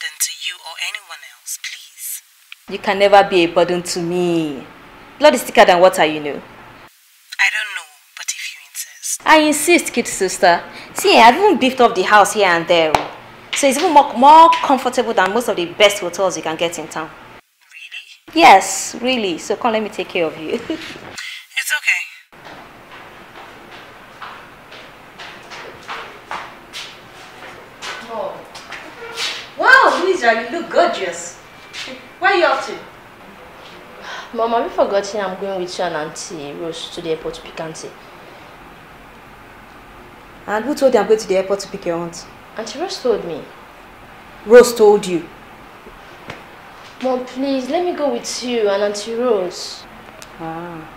burden to you or anyone else, please. You can never be a burden to me. Blood is thicker than water, you know. I don't know, but if you insist. I insist, kid sister. See, I've even beefed up the house here and there. So it's even more, more comfortable than most of the best hotels you can get in town. Really? Yes, really. So come let me take care of you. it's okay. you look gorgeous. Where are you off to? Mom, have you forgotten I'm going with you and Auntie Rose to the airport to pick Auntie? And who told you I'm going to the airport to pick your aunt? Auntie Rose told me. Rose told you? Mom, please, let me go with you and Auntie Rose. Ah.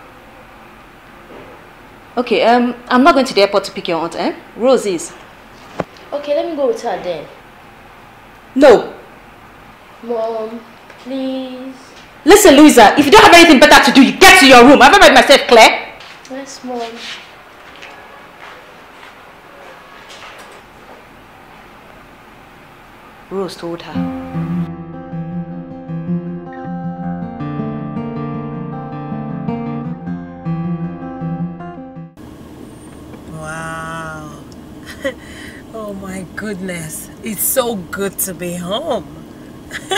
Okay, um, I'm not going to the airport to pick your aunt, eh? Rose is. Okay, let me go with her then. No, Mom, please. Listen, Louisa, if you don't have anything better to do, you get to your room. Have I made myself clear? Yes, Mom. Rose told her. Wow. Oh my goodness, it's so good to be home.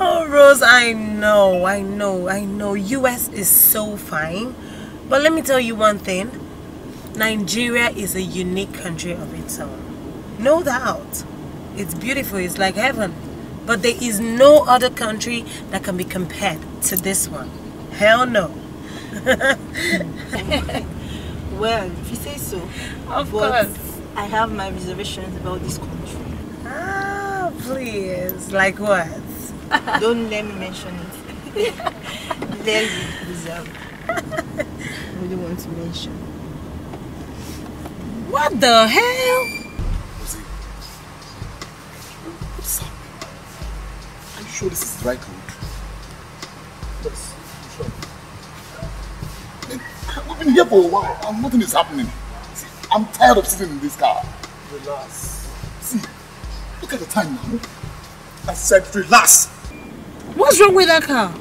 oh, Rose, I know, I know, I know. US is so fine. But let me tell you one thing. Nigeria is a unique country of its own. No doubt. It's beautiful. It's like heaven. But there is no other country that can be compared to this one. Hell no. well, if you say so. Of course. I have my reservations about this country. Ah. Please, like what? Don't let me mention it. let it deserve. We don't want to mention. What the hell? What's up? Are you sure this is the right road? Yes, i sure. I've been here for a while and nothing is happening. I'm tired of sitting in this car. Relax. Look at the time now. I said relax. What's wrong with that car?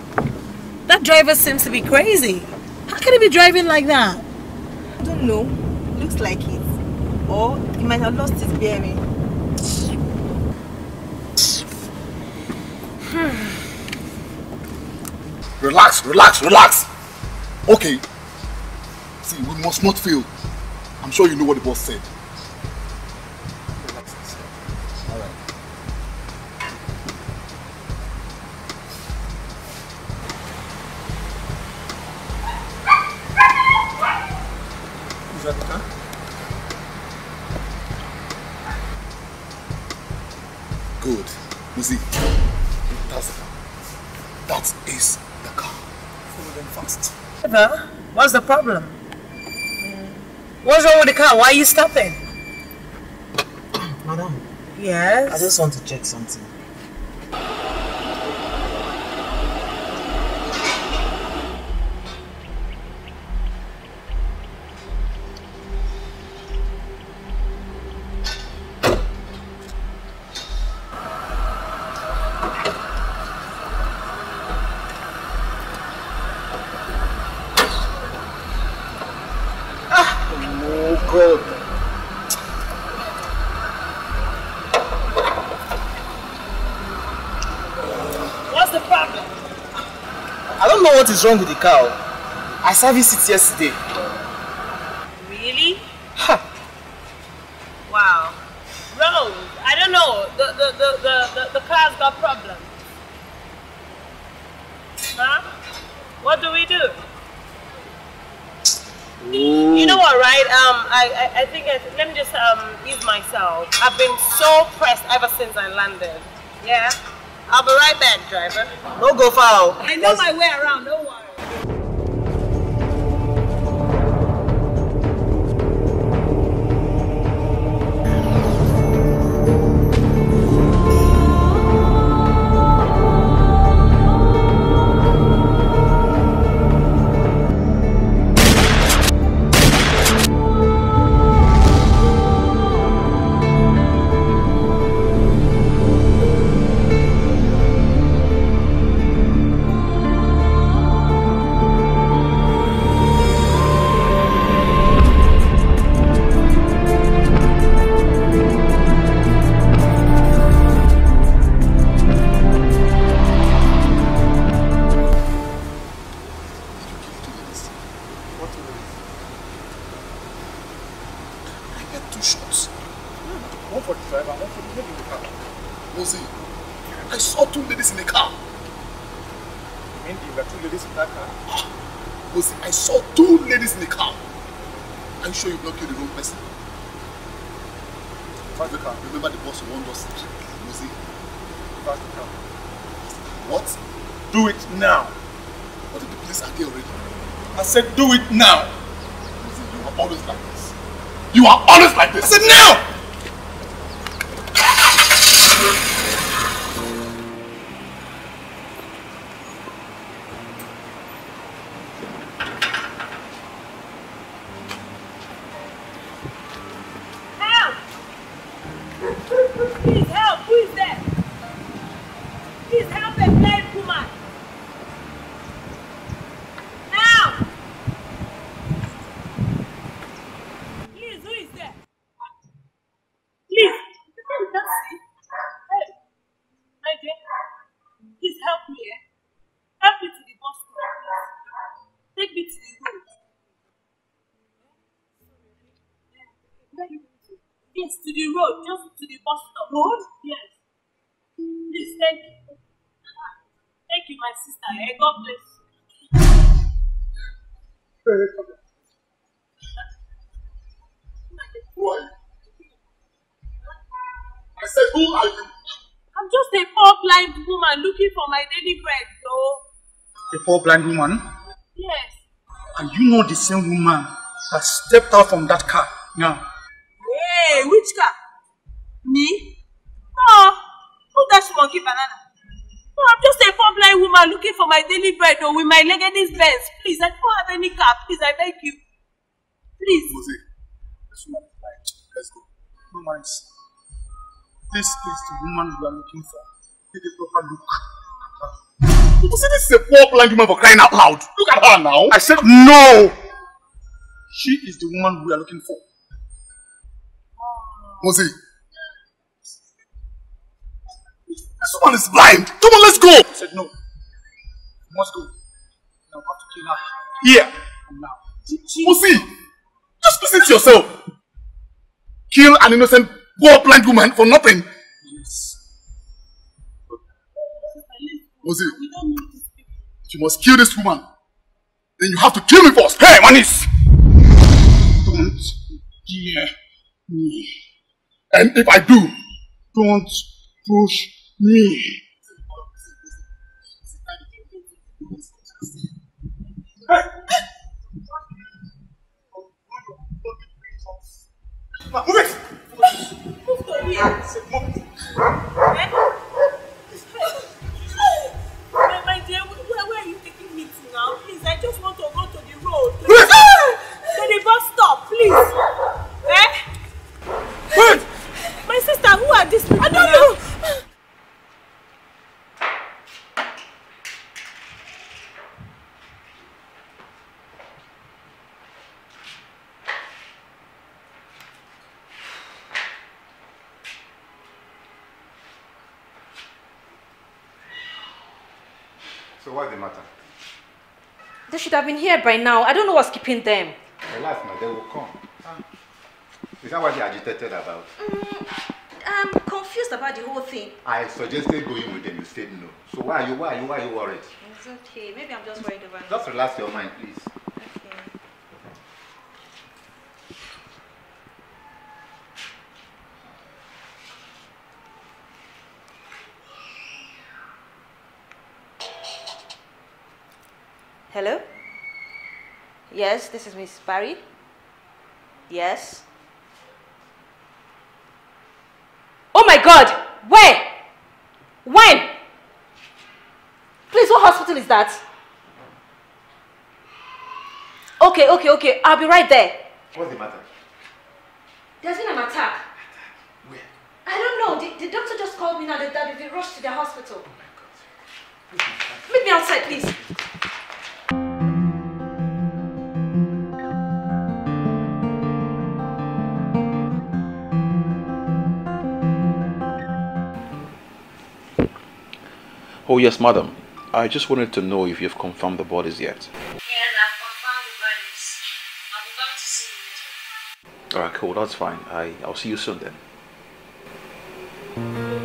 That driver seems to be crazy. How can he be driving like that? I don't know. Looks like it. Or he might have lost his bearing. Hmm. Relax, relax, relax. Okay. See, we must not fail. I'm sure you know what the boss said. the problem? What's wrong with the car? Why are you stopping? Madam. Yes? I just want to check something. is wrong with the car? Oh. I serviced it yesterday. Really? Ha! Wow. Wrong. I don't know. The, the, the, the, the, the car's got problems. Huh? What do we do? Ooh. You know what, right? Um, I, I, I think, I, let me just um, ease myself. I've been so pressed ever since I landed. Yeah? I'll be right back, driver. No go foul. Oh. I know That's... my way around. Please help a blind woman. Now. Please, who is there? Please. Hey, my dear. Please help me. Eh? Help me to the bus stop, please. Take me to the road. Yes, to the road, just to the bus stop. Road? Yes. Please, thank you. Thank you, my sister. Hey, eh, God bless you. Who are you? I said, who are you? I'm just a poor blind woman looking for my daily bread, though. A poor blind woman? Yes. And you know the same woman that stepped out from that car now? Hey, which car? Me? No. Oh, who does monkey banana? No, oh, I'm just a poor blind woman looking for my daily bread or oh, with my Legacy Benz. Please, I don't have any car. Please, I beg you. Please. Jose, this woman is my Let's go. No worries. This is the woman we are looking for. Take a proper look. You see, this is a poor blind woman for crying out loud. Look at her now. I said no. She is the woman we are looking for. Jose. This woman is blind. Come on, let's go. I said, no. You must go. Now have to kill her. Here. And now. Musi, just listen to yourself. Kill an innocent, poor blind woman for nothing. Yes. Musi, you must kill this woman. Then you have to kill me first. Hey, Manis! Don't dare me. And if I do, don't push real. Move it! Move to here. Move. My, my dear, where, where are you taking me to now? Please, I just want to go to the road. To the, bus stop, please. Eh? My sister, who are these I don't what's the matter? They should have been here by now. I don't know what's keeping them. Relax, now they will come. Ah. Is that what you're agitated about? Mm, I'm confused about the whole thing. I suggested going with them. You said no. So why are you, why are you, why are you worried? It's okay. Maybe I'm just worried about it. Just relax your mind, please. Yes, this is Miss Parry. Yes. Oh my God! Where? When? Please, what hospital is that? Okay, okay, okay. I'll be right there. What's the matter? There's been an attack. Where? I don't know. The, the doctor just called me now that they rushed to the hospital. Oh my God. Meet me outside, please. Oh, yes, madam. I just wanted to know if you've confirmed the bodies yet. Yes, I've confirmed the bodies. I'll be coming to see you later. Alright, cool. That's fine. I, I'll see you soon then.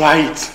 try it.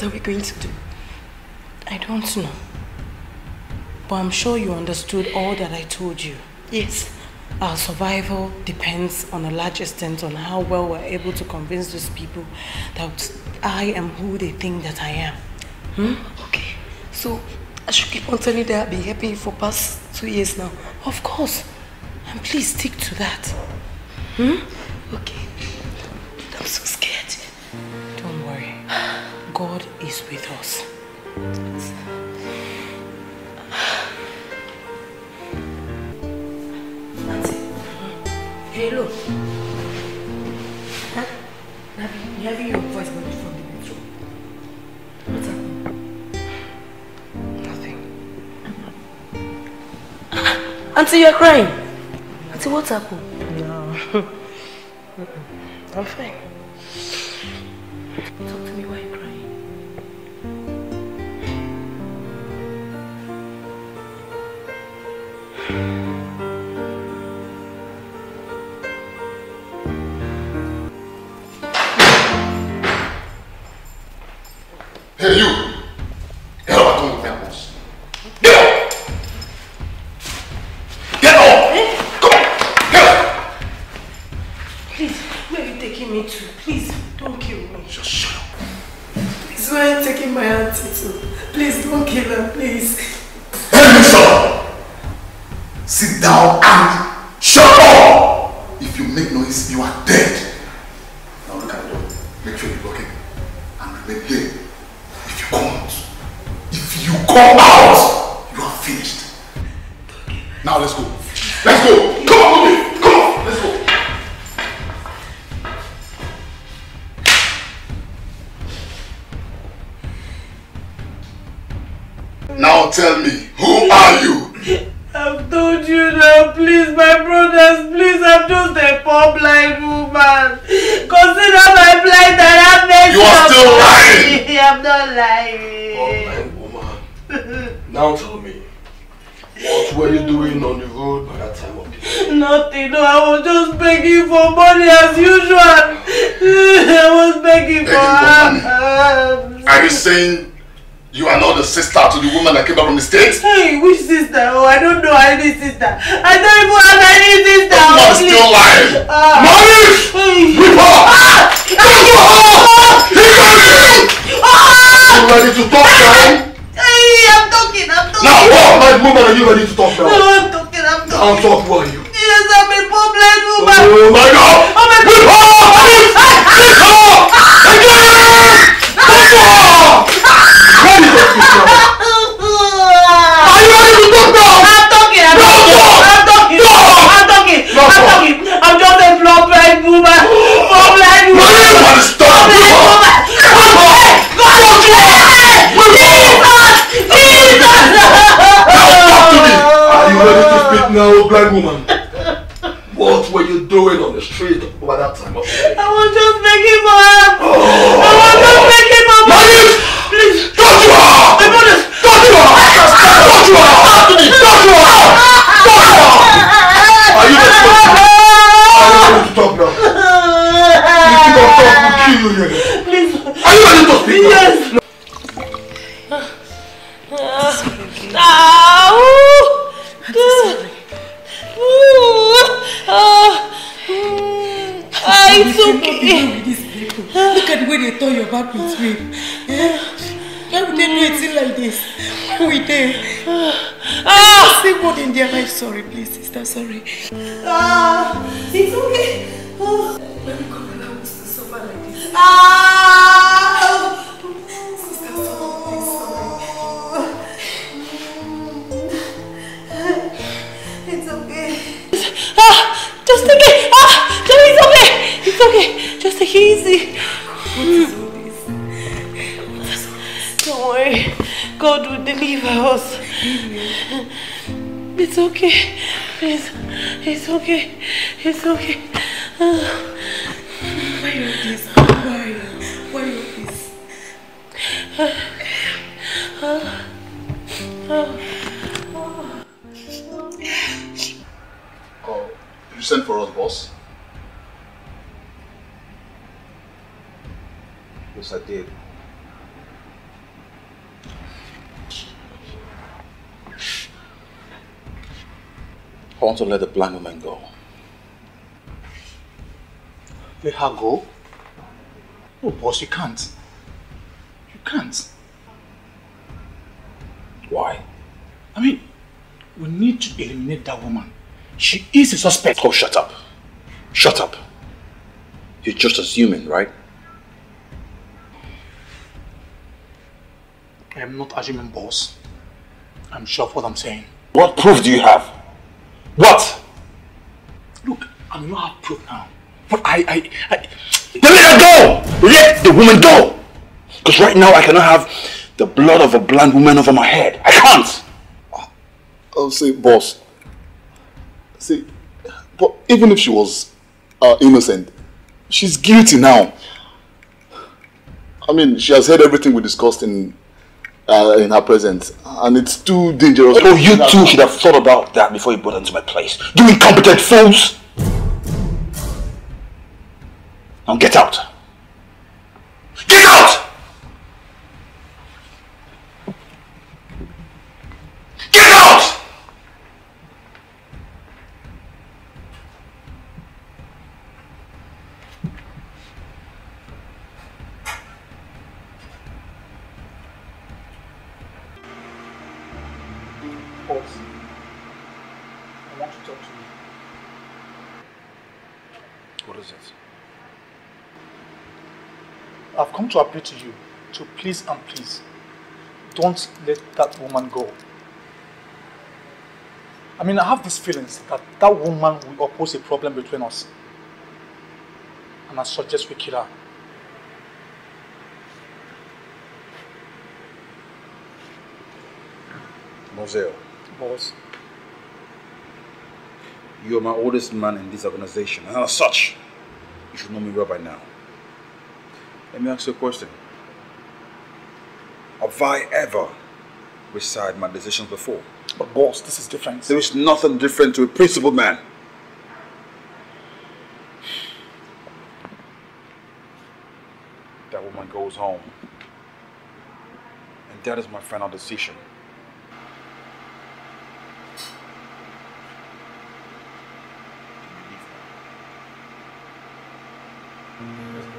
What are we going to do? I don't know. But I'm sure you understood all that I told you. Yes. Our survival depends on a large extent on how well we're able to convince those people that I am who they think that I am. Hmm? Okay. So I should keep on telling you that I've been helping you for past two years now. Of course. And please stick to that. Hmm? hmm? Okay. I'm so sorry. God is with us. Auntie, you're alone. Huh? You're having your voice going from the bedroom. What's happening? Nothing. Auntie, you're crying. Auntie, what's happened? No. I'm fine. Hey, you! Oh. you sent for us, boss? Yes, I did. I want to let the blind woman go. Let her go? No, boss, you can't. You can't. Why? I mean, we need to eliminate that woman. She is a suspect. Oh, shut up. Shut up. You're just as human, right? I am not assuming, boss. I'm sure of what I'm saying. What proof do you have? What? Look, I am not a proof now. But I, I, I... let her go! Let the woman go! Because right now I cannot have the blood of a blind woman over my head. I can't! Oh, oh, see, boss. See, but even if she was uh, innocent, she's guilty now. I mean, she has heard everything we discussed in uh, in her presence, and it's too dangerous. Oh, you too should have thought about that before you brought her into my place. You incompetent fools! Now get out! Get out! to appeal to you to please and please. Don't let that woman go. I mean, I have these feelings that that woman will oppose a problem between us. And I suggest we kill her. Moselle. Boss. You're my oldest man in this organization, and as such, you should know me well by now. Let me ask you a question. Have I ever reside my decisions before? But boss, this is different. There is nothing different to a principled man. That woman goes home. And that is my final decision. Mm -hmm.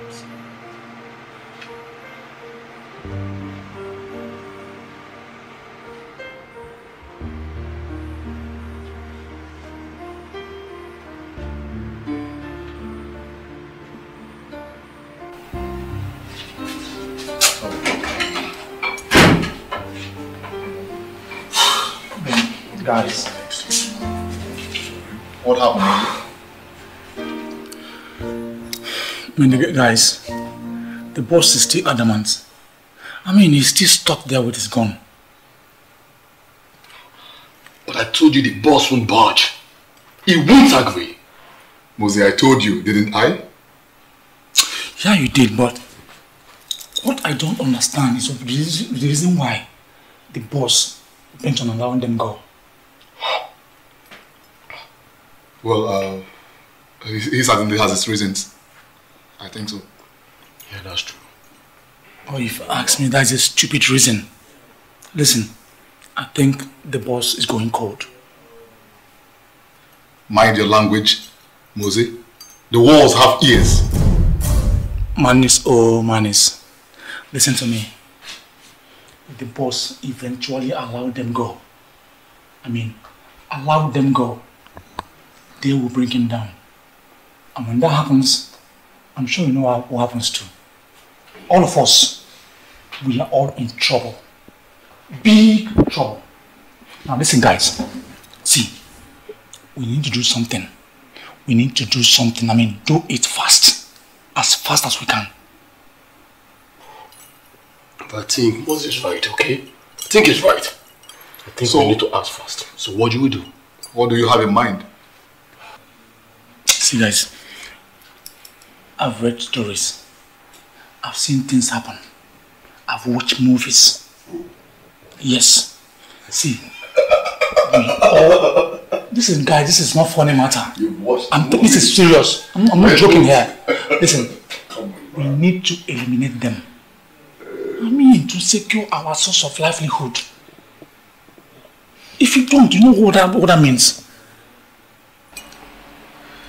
I mean, guys, the boss is still adamant. I mean, he's still stuck there with his gun. But I told you the boss won't budge. He won't agree. Mose, I told you, didn't I? Yeah, you did, but what I don't understand is the reason why the boss bent on allowing them go. Well, uh, he certainly has his reasons. I think so. Yeah, that's true. Oh, if you ask me, that's a stupid reason. Listen, I think the boss is going cold. Mind your language, Mose. The walls have ears. Manis, oh Manis. Listen to me. The boss eventually allowed them go. I mean, allowed them go. They will bring him down. And when that happens, I'm sure you know what happens to. All of us, we are all in trouble. Big trouble. Now listen guys, see, we need to do something. We need to do something, I mean do it fast. As fast as we can. But think, Moses right, okay? I think it's right. I think so, we need to act fast. So what do we do? What do you have in mind? See guys, I've read stories. I've seen things happen. I've watched movies. Yes. See, This is, guys, this is not funny matter. You've watched I'm, movies. This is serious. I'm, I'm not joking here. Listen, we need to eliminate them. I mean, to secure our source of livelihood. If you don't, you know what that, what that means?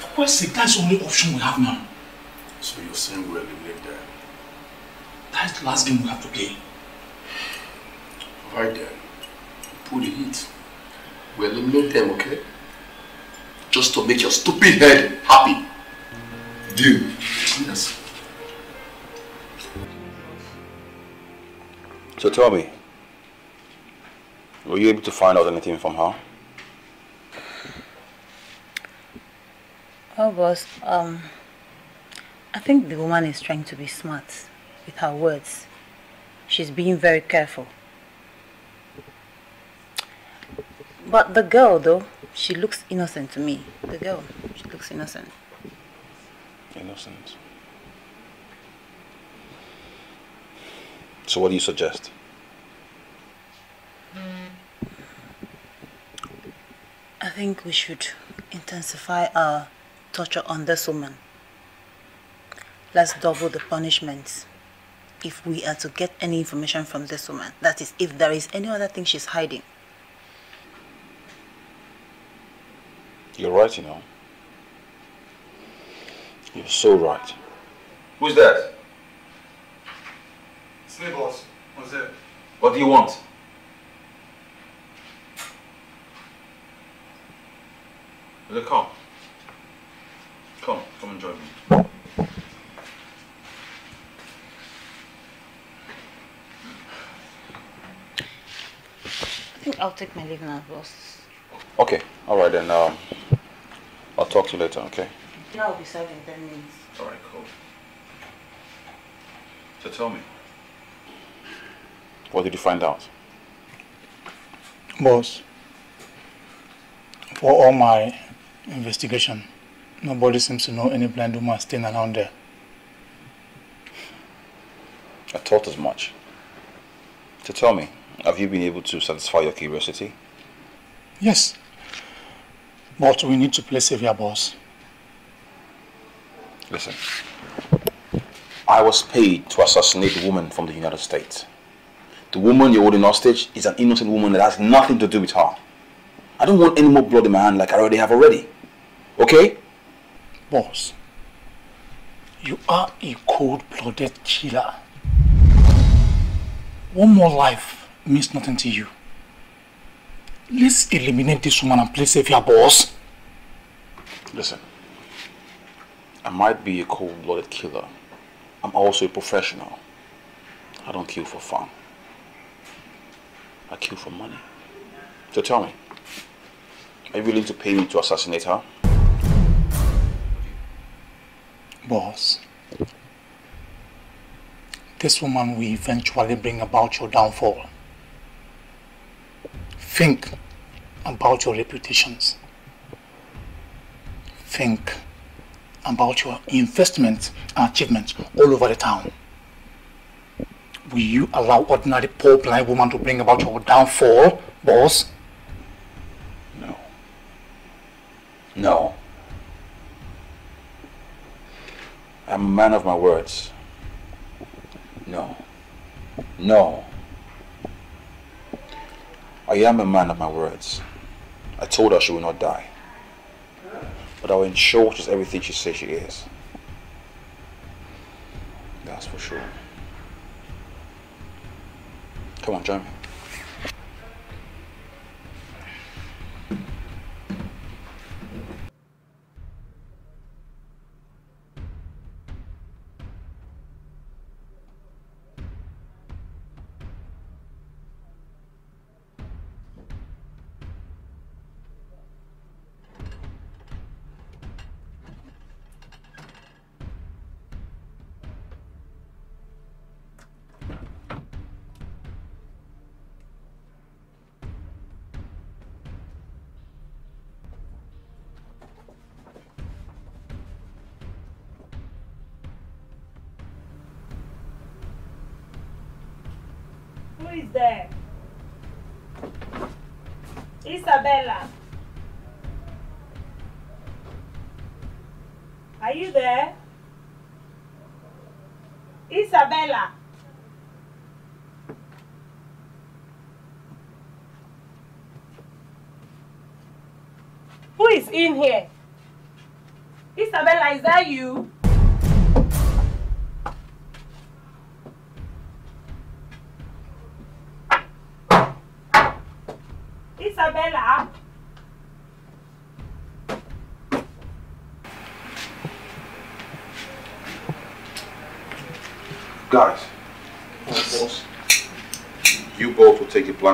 Of course, sake, that's the only option we have now. So you're you're sin will eliminate that. That's the last game we have to play. Right then. Pull the heat. We eliminate them, okay? Just to make your stupid head happy. Deal. Yes. So tell me, were you able to find out anything from her? Oh, boss. Um, I think the woman is trying to be smart with her words. She's being very careful. But the girl, though, she looks innocent to me. The girl, she looks innocent. Innocent. So what do you suggest? I think we should intensify our torture on this woman let's double the punishment if we are to get any information from this woman. That is, if there is any other thing she's hiding. You're right, you know. You're so right. Who's that? Slave boss. What's it? What do you want? Look, come. Come, come and join me. think I'll take my leave now, boss. Okay, all right then. Um, I'll talk to you later, okay? Yeah, I'll be serving 10 minutes. All right, cool. So tell me. What did you find out? Boss, for all my investigation, nobody seems to know any blind woman staying around there. I thought as much. So tell me, have you been able to satisfy your curiosity? Yes. But we need to play savior, boss. Listen. I was paid to assassinate a woman from the United States. The woman you're holding hostage is an innocent woman that has nothing to do with her. I don't want any more blood in my hand like I already have already. Okay? Boss, you are a cold-blooded killer. One more life means nothing to you. Let's eliminate this woman and place Evia boss. Listen, I might be a cold-blooded killer. I'm also a professional. I don't kill for fun. I kill for money. So tell me, are you willing to pay me to assassinate her? Boss, this woman will eventually bring about your downfall. Think about your reputations. Think about your investments and achievements all over the town. Will you allow ordinary poor blind woman to bring about your downfall, boss? No. No. I'm a man of my words. No. No. I am a man of my words. I told her she will not die. But I will ensure she's everything she says she is. That's for sure. Come on, Jeremy.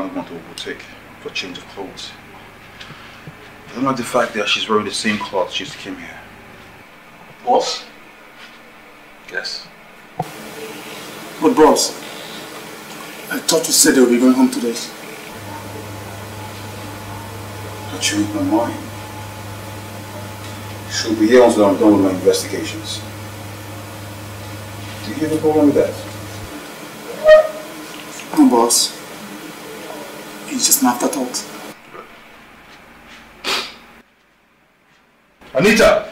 one model will take for change of clothes. I don't like the fact that she's wearing the same clothes she came here. Boss? Yes. But bros, I thought you said they would be going home today. I changed my mind. Should will be here until I'm done with my investigations. Do you have a problem with that? No, boss. It's just an afterthought. Anita!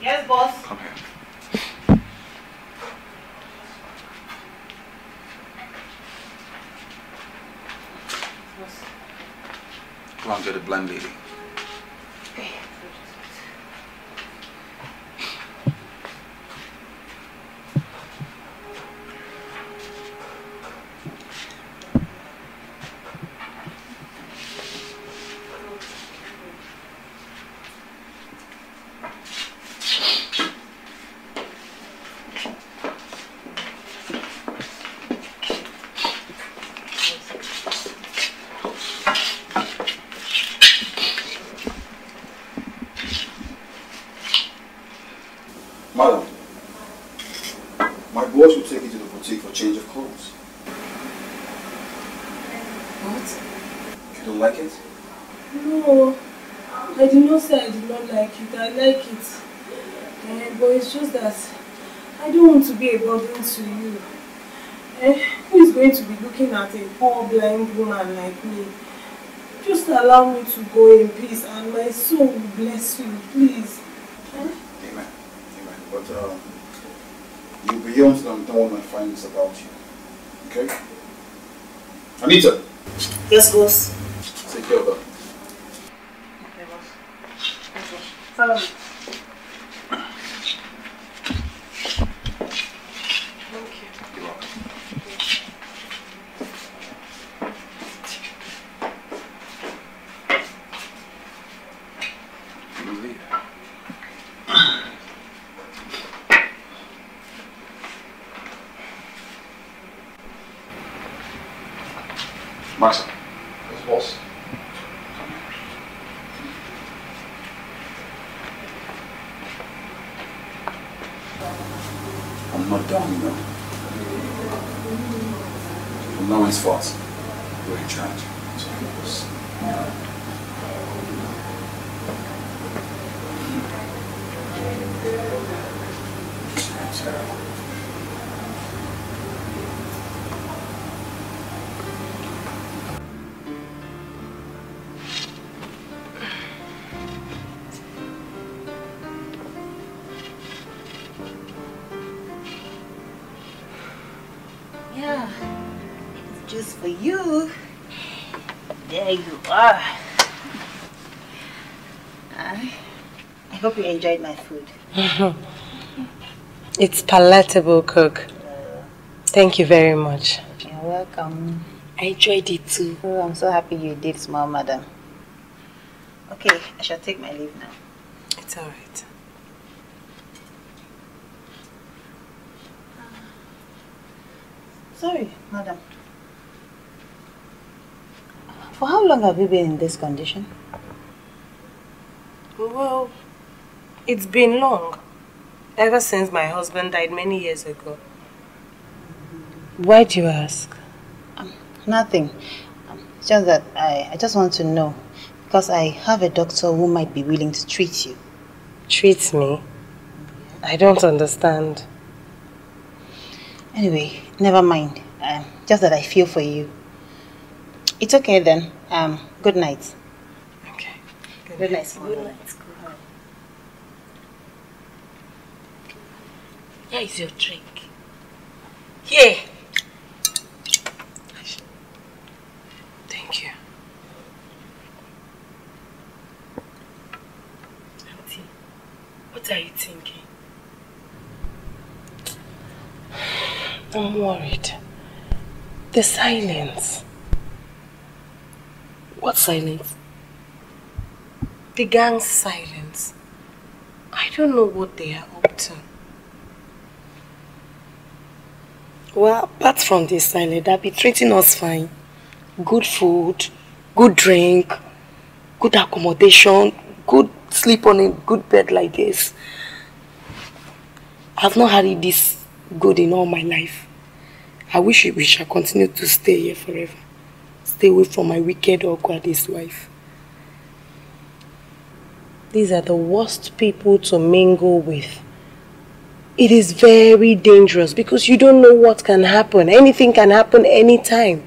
Yes, boss? Come here. Go and get a blind lady. blind woman like me. Just allow me to go in peace and my soul will bless you, please. Amen. Amen. But um, you beyond to understand what my findings about you. Okay? Anita! Yes, boss. enjoyed my food. it's palatable, cook. Thank you very much. You're welcome. I enjoyed it too. Oh, I'm so happy you did, small madam. Okay, I shall take my leave now. It's all right. Sorry, madam. For how long have you been in this condition? Well, it's been long. Ever since my husband died many years ago. Why do you ask? Um, nothing. Um, just that I, I just want to know. Because I have a doctor who might be willing to treat you. Treat me? I don't understand. Anyway, never mind. Um, just that I feel for you. It's okay then. Um, good night. Okay. Good, good night. Good night. Here is your drink. Here. Thank you. Auntie, what are you thinking? I'm worried. The silence. What silence? The gang's silence. I don't know what they are up to. Well, apart from this, Silent, they'll be treating us fine. Good food, good drink, good accommodation, good sleep on a good bed like this. I've not had it this good in all my life. I wish we shall continue to stay here forever. Stay away from my wicked Ogwade's wife. These are the worst people to mingle with. it is very dangerous because you don't know what can happen. Anything can happen anytime.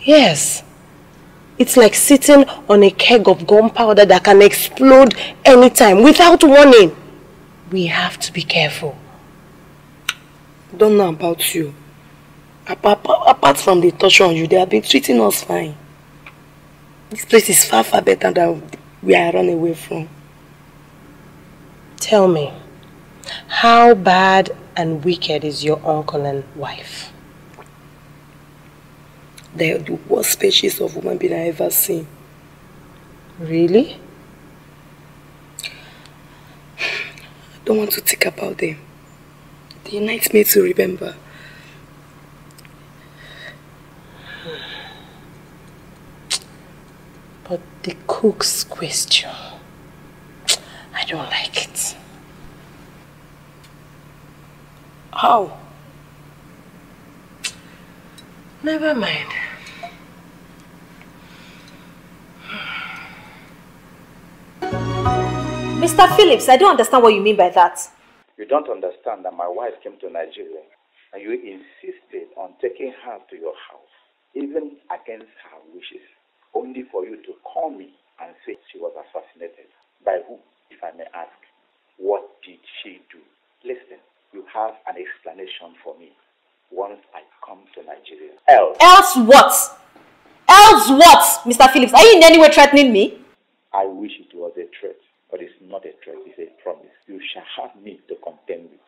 Yes. It's like sitting on a keg of gunpowder that can explode anytime without warning. We have to be careful. Don't know about you. Apart, from the torture on you, they have been treating us fine. This place is far, far better than where I run away from. Tell me. How bad and wicked is your uncle and wife? They're the worst species of human being I've ever seen. Really? I don't want to think about them. They unite me to remember. But the cook's question, I don't like it. How? Never mind. Mr. Phillips, I don't understand what you mean by that. You don't understand that my wife came to Nigeria and you insisted on taking her to your house, even against her wishes, only for you to call me and say she was assassinated. By who, if I may ask? What have an explanation for me once I come to Nigeria. Else. Else what? Else what, Mr. Phillips? Are you in any way threatening me? I wish it was a threat, but it's not a threat, it's a promise. You shall have me to contend with.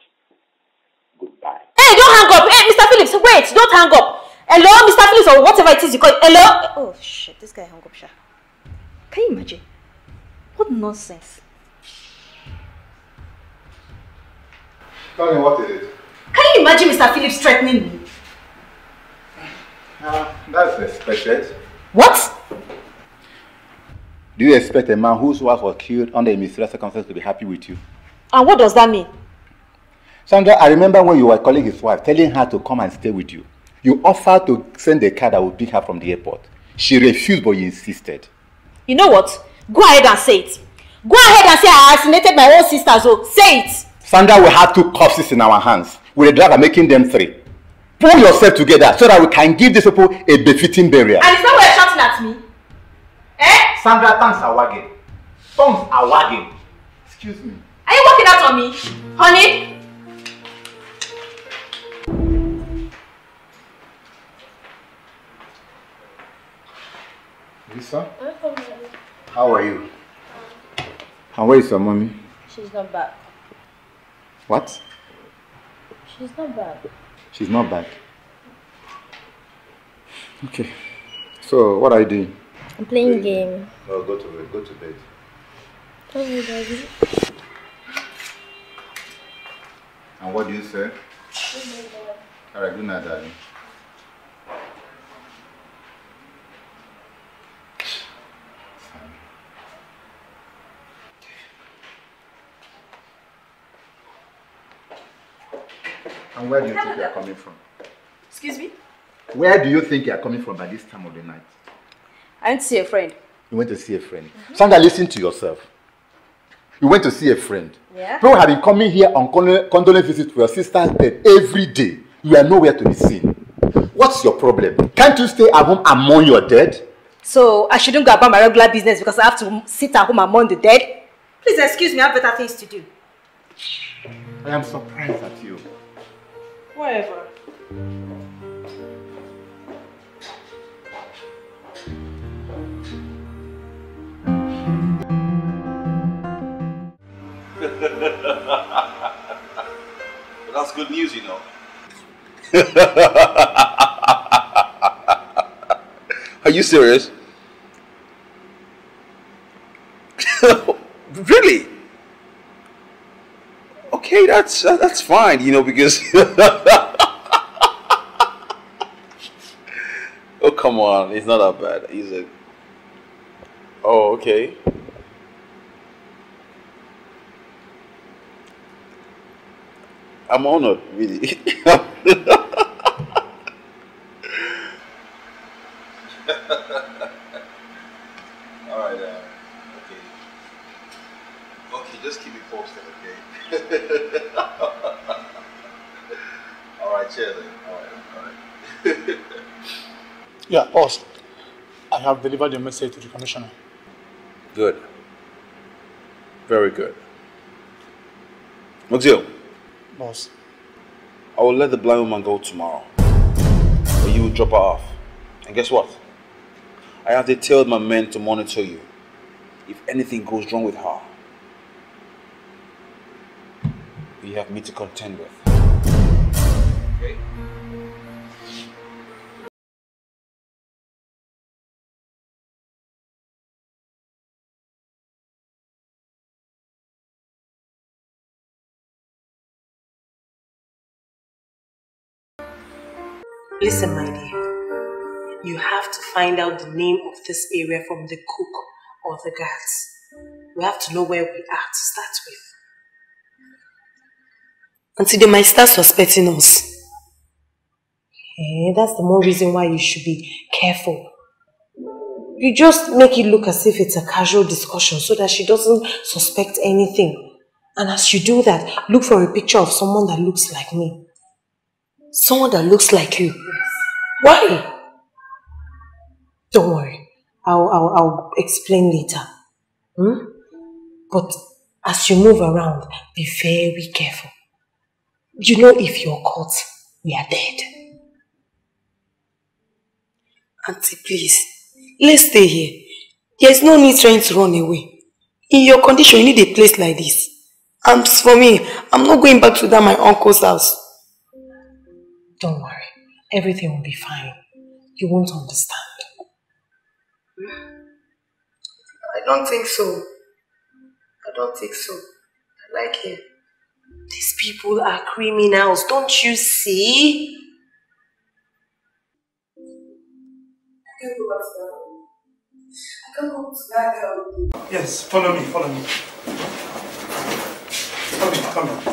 Goodbye. Hey, don't hang up. Hey, Mr. Phillips, wait, don't hang up. Hello, Mr. Phillips, or whatever it is you call it. Hello? Oh, shit, this guy hung up, Sha. Can you imagine? What nonsense. Tell me what is it? Can you imagine Mr. Phillips threatening me? Uh, that's expected. What? Do you expect a man whose wife was killed under a mysterious circumstance to be happy with you? And what does that mean? Sandra, I remember when you were calling his wife, telling her to come and stay with you. You offered to send a car that would pick her from the airport. She refused, but you insisted. You know what? Go ahead and say it. Go ahead and say I assassinated my own sister, so oh. say it. Sandra we have two corpses in our hands. We're the driver making them three. Pull yourself together so that we can give these people a befitting burial. And it's not what you're shouting at me. Eh? Sandra, tongues are wagging. Tongues are wagging. Excuse me. Are you working out on me? Honey? Lisa? How are you? And where is your mommy? She's not back. What? She's not back. She's not back. Okay. So, what are you doing? I'm playing game. No, go to bed. Go to bed. And what do you say? Alright, good night, darling. And where do you think you are coming from? Excuse me? Where do you think you are coming from by this time of the night? I went to see a friend. You went to see a friend. Mm -hmm. Sandra, listen to yourself. You went to see a friend. Yeah. People have been coming here on condolence visits to your sister's death every day. You are nowhere to be seen. What's your problem? Can't you stay at home and mourn your dead? So I shouldn't go about my regular business because I have to sit at home and mourn the dead? Please excuse me, I have better things to do. I am surprised at you wherever. but that's good news, you know. Are you serious? really? okay, that's uh, that's fine, you know, because oh come on, it's not that bad, is it? Oh, okay. I'm honored, really. all right, cheers. All right, all right. yeah, boss. I have delivered your message to the commissioner. Good. Very good. Maxio. Boss. I will let the blind woman go tomorrow. But you will drop her off. And guess what? I have detailed my men to monitor you. If anything goes wrong with her, you have me to contend with. Okay. Listen, my dear. You have to find out the name of this area from the cook or the guards. We have to know where we are to start with until they might start suspecting us. Okay, eh, that's the more reason why you should be careful. You just make it look as if it's a casual discussion so that she doesn't suspect anything. And as you do that, look for a picture of someone that looks like me. Someone that looks like you. Yes. Why? Don't worry. I'll, I'll, I'll explain later. Hmm? But as you move around, be very careful. You know if you're caught, we are dead. Auntie, please, let's stay here. There's no need trying to run away. In your condition, you need a place like this. And for me, I'm not going back to that my uncle's house. Don't worry. Everything will be fine. You won't understand. I don't think so. I don't think so. I like him. These people are criminals, don't you see? I can't go back to that. girl. Yes, follow me, follow me. Come in, come in.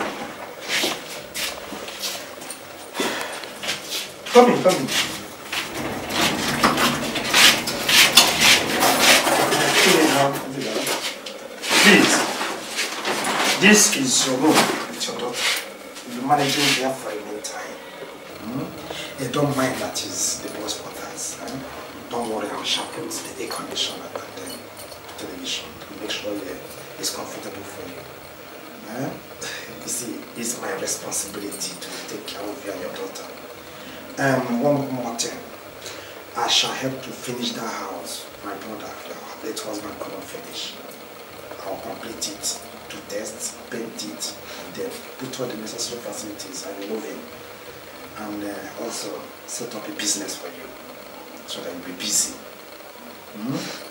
Come in, come in. Please, this is your room managing a long time. Mm? They don't mind that is the boss for us. Eh? Don't worry, I'll sharpen the air conditioner and the television. Make sure yeah, it's comfortable for you. Eh? You see, it's my responsibility to take care of you and your daughter. Um, one more thing. I shall help to finish that house. My brother, the late husband couldn't finish. I'll complete it to test, paint it, and then put all the necessary facilities and move in. And uh, also set up a business for you so that you'll be busy. Mm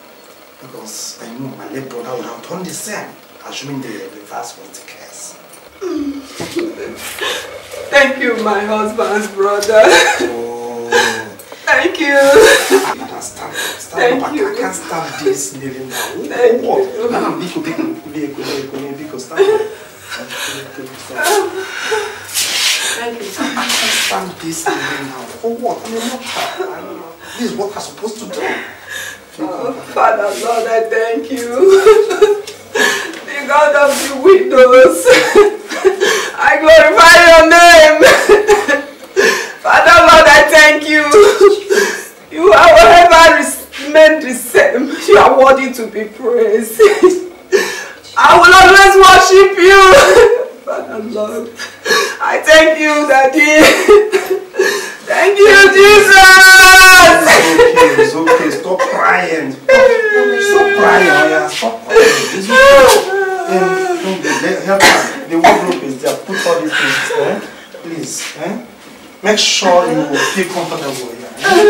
Because I know my late brother would have done the same, assuming the reverse was the case. Thank you, my husband's brother. oh. Thank you. Understand. Stop, back. I can't stop this kneeling down. Thank what? you. Nana, biko, biko, biko, biko, biko, stand up. Thank you. I can't stand this kneeling down. For what? I'm a mother. This is what I'm supposed to do. Oh, Father, Lord, I thank you. the God of the windows. I glorify your name. Father God, I thank you. You are whatever remained the same. You are worthy to be praised. I will always worship you. Father God, I thank you, Daddy. Thank you, Jesus. It's okay, it's okay. Stop crying. Stop crying. Yeah. Stop crying. It's okay. Um, help her. The wardrobe is there. Put all these things. Eh? Please. Eh? make sure you feel comfortable here. Yeah?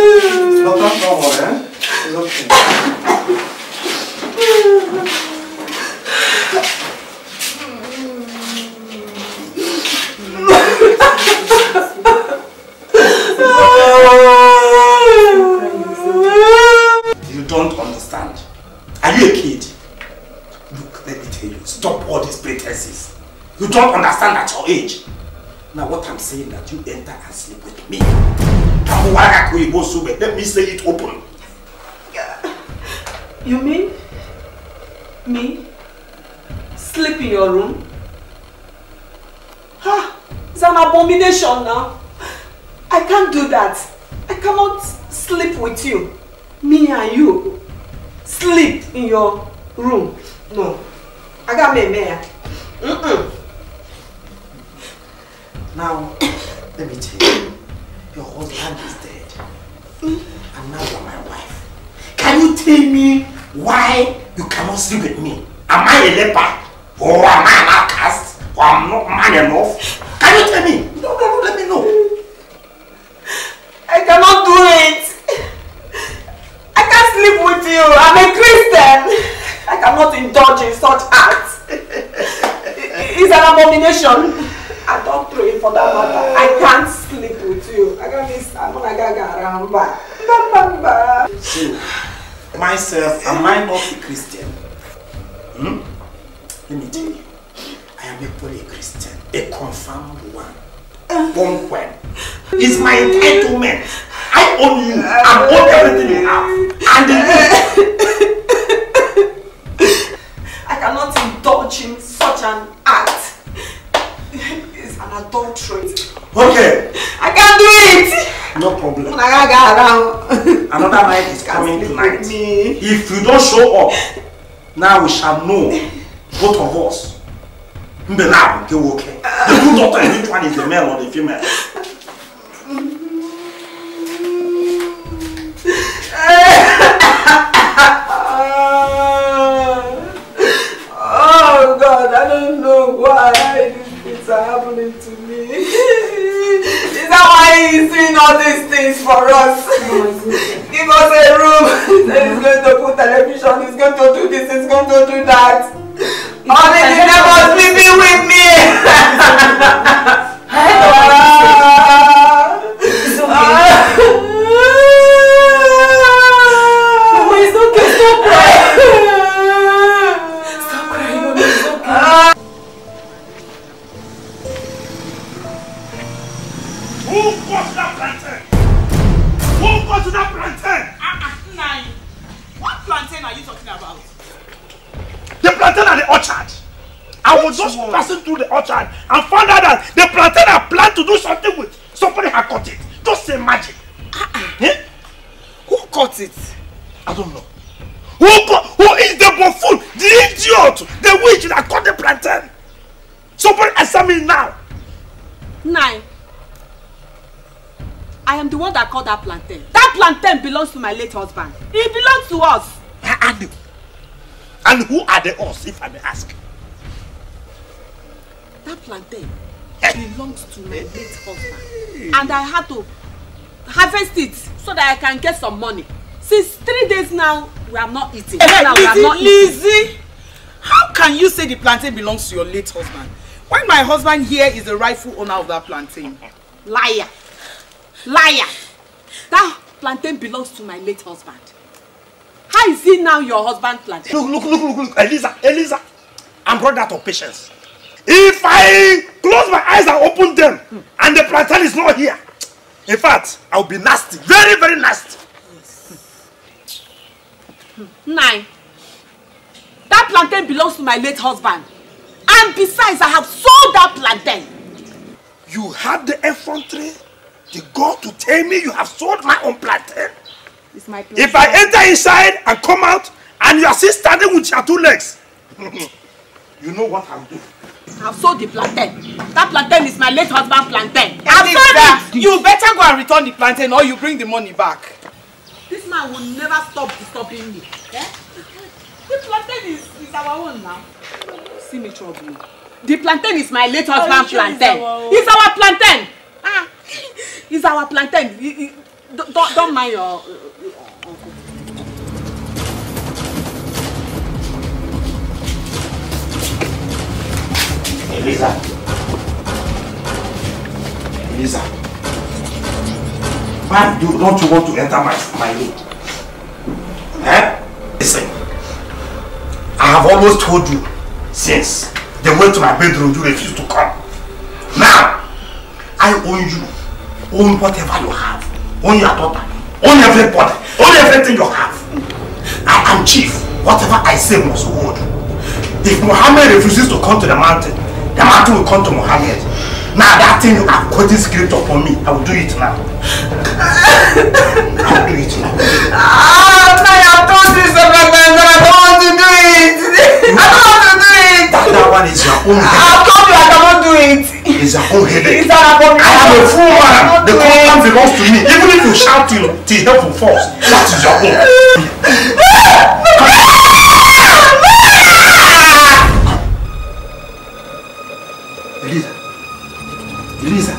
Doctor, don't worry. Eh? It's okay. you don't understand. Are you a kid? Look, let me tell you, stop all these pretenses. You don't understand at your age. Now what I'm saying that you enter and sleep with me. Come on, Let me say it open. You mean me sleep in your room? Ha! Huh, it's an abomination now. I can't do that. I cannot sleep with you. Me and you sleep in your room. No. I got me, me. Mm-mm. Now, let me tell you, your husband is dead. Hmm? And now you're my wife. Can you tell me why you cannot sleep with me? Am I a leper? Or am I an outcast? Or am I not man enough? Can you tell me? No, no, no, let me know. I cannot do it. I can't sleep with you. I'm a Christian. I cannot indulge in such acts. It's an abomination. Adultery for that matter. I can't sleep with you. I got this Amunagaga Ramba. Ramba. So, myself, am I not a Christian? Hmm? Let me tell you. I am a poly Christian, a confirmed one. Born when? It's my entitlement. I own you. I own everything you have. And you. I cannot indulge in such an can through it. Okay. I can't do it. No problem. Another night is coming tonight. Me. If you don't show up, now we shall know both of us. Mbe now, okay, okay. The two daughters, which one is the male or the female? oh God, I don't know why this is happening to why he's doing all these things for us. Give us a room. Then he's going to put television, he's going to do this, he's going to do that. Only the neighbors sleeping with me. Hello. I was just what? passing through the orchard and found out that the plantain I planned to do something with, somebody had cut it. Just imagine. Uh-uh. Who cut it? I don't know. Who, who is the buffoon, the idiot, the witch that cut the plantain? Somebody answer me now. Nine. I am the one that cut that plantain. That plantain belongs to my late husband. It belongs to us. Ah, and, and who are the us, if I may ask? that plantain eh. belongs to my eh. late husband eh. and I had to harvest it so that I can get some money. Since three days now, we are not eating. Hey, now, Lizzie, we are not Lizzie, eating. how can you say the plantain belongs to your late husband? When my husband here is the rightful owner of that plantain. Liar. Liar. That plantain belongs to my late husband. How is it now your husband plantain? Look, look, look, look, look, Eliza, Eliza. I'm brought out of patience. If I close my eyes and open them, and the plantain is not here, in fact, I'll be nasty. Very, very nasty. Nine. That plantain belongs to my late husband. And besides, I have sold that plantain. You had the effrontery, the God to tell me you have sold my own plantain? It's my plantain. If I enter inside and come out, and you are still standing with your two legs, you know what I'll do. I've sold the plantain. That plantain is my late husband plantain. I've sold it. You better go and return the plantain or you bring the money back. This man will never stop disturbing me. Eh? The plantain is, is our own now. See me trouble. The plantain is my late husband oh, plantain. our it's our plantain. Ah. it's our plantain. Don't, don't mind your... Uh, Eliza. Eliza. Why do not you want to enter my, my room? Eh? Listen. I have always told you since the way to my bedroom, you refuse to come. Now, I own you. Own whatever you have. Own your daughter. Own everybody. Own everything you have. I am chief. Whatever I say must hold. If Muhammad refuses to come to the mountain, That matter will come to my head. Now that thing you have quoted script upon me, I will do it now. I will do it now. Ah, I have told you several times that I don't want to do it. I don't want to do it. That, that one is your own headache. I've told you I cannot do it. It's your own headache. It's not about me. I am a fool man. The problem belongs to me. Even if you shout till, till help will force, that is your own. Come Elisa!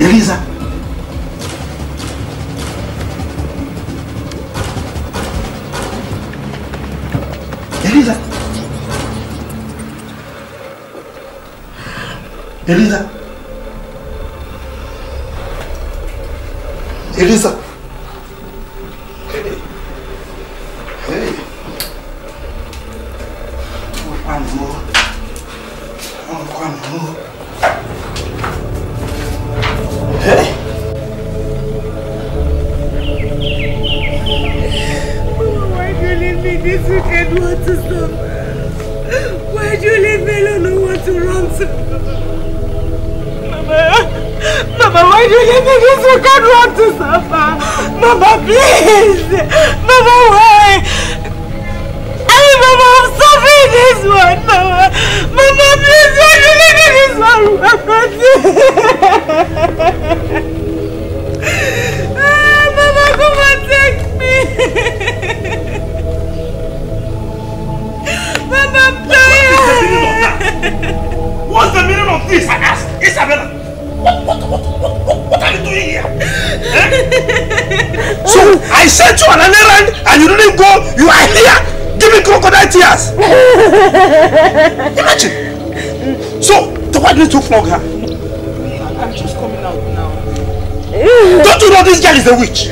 Elisa! Elisa! Elisa! Elisa! Hey! Hey! Meu amor! Meu amor! Only this wicked want to stop. Why do you leave me alone? No one to run to. Mama, Mama, why do you leave me this wicked want to suffer? Mama, please. Mama, why? I Mama, I'm suffering this one, Mama. Mama, please, why do you leave me this one? Mama, ah, Mama, come and take me. What's the meaning of this, I ask? Isabella, what, what, what, what, what, what are you doing here? Eh? So, I sent you on an errand and you didn't go, you are here giving crocodile tears. Imagine. So, the wife needs to flog her. I'm just coming out now. Don't you know this girl is a witch?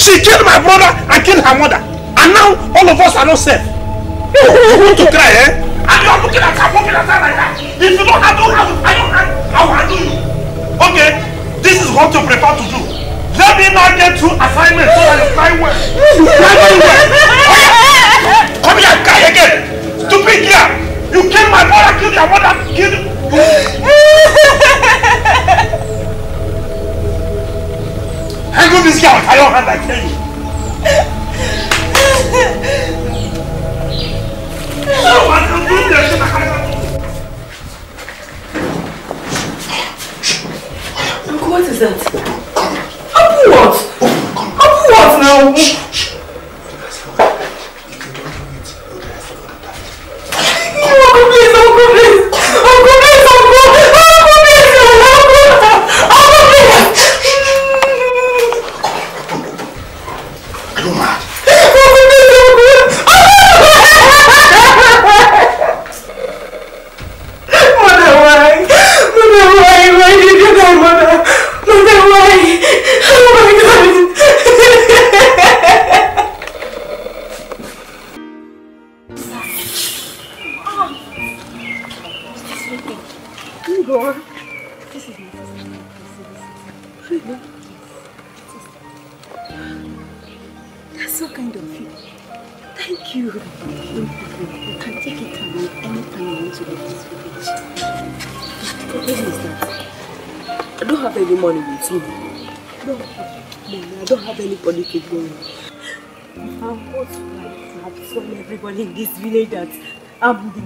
She killed my brother and killed her mother. And now all of us are not safe. Oh, you want to cry, eh? and you are looking at her walking at her like that. If you don't handle her, I don't I will handle you. Okay, this is what you prefer to do. Let me now get through assignments so I you fly well. Fly very well. Come here, guy again. Stupid girl. You killed my mother, kill your mother, killed you. Handle this girl with iron hand, I tell you.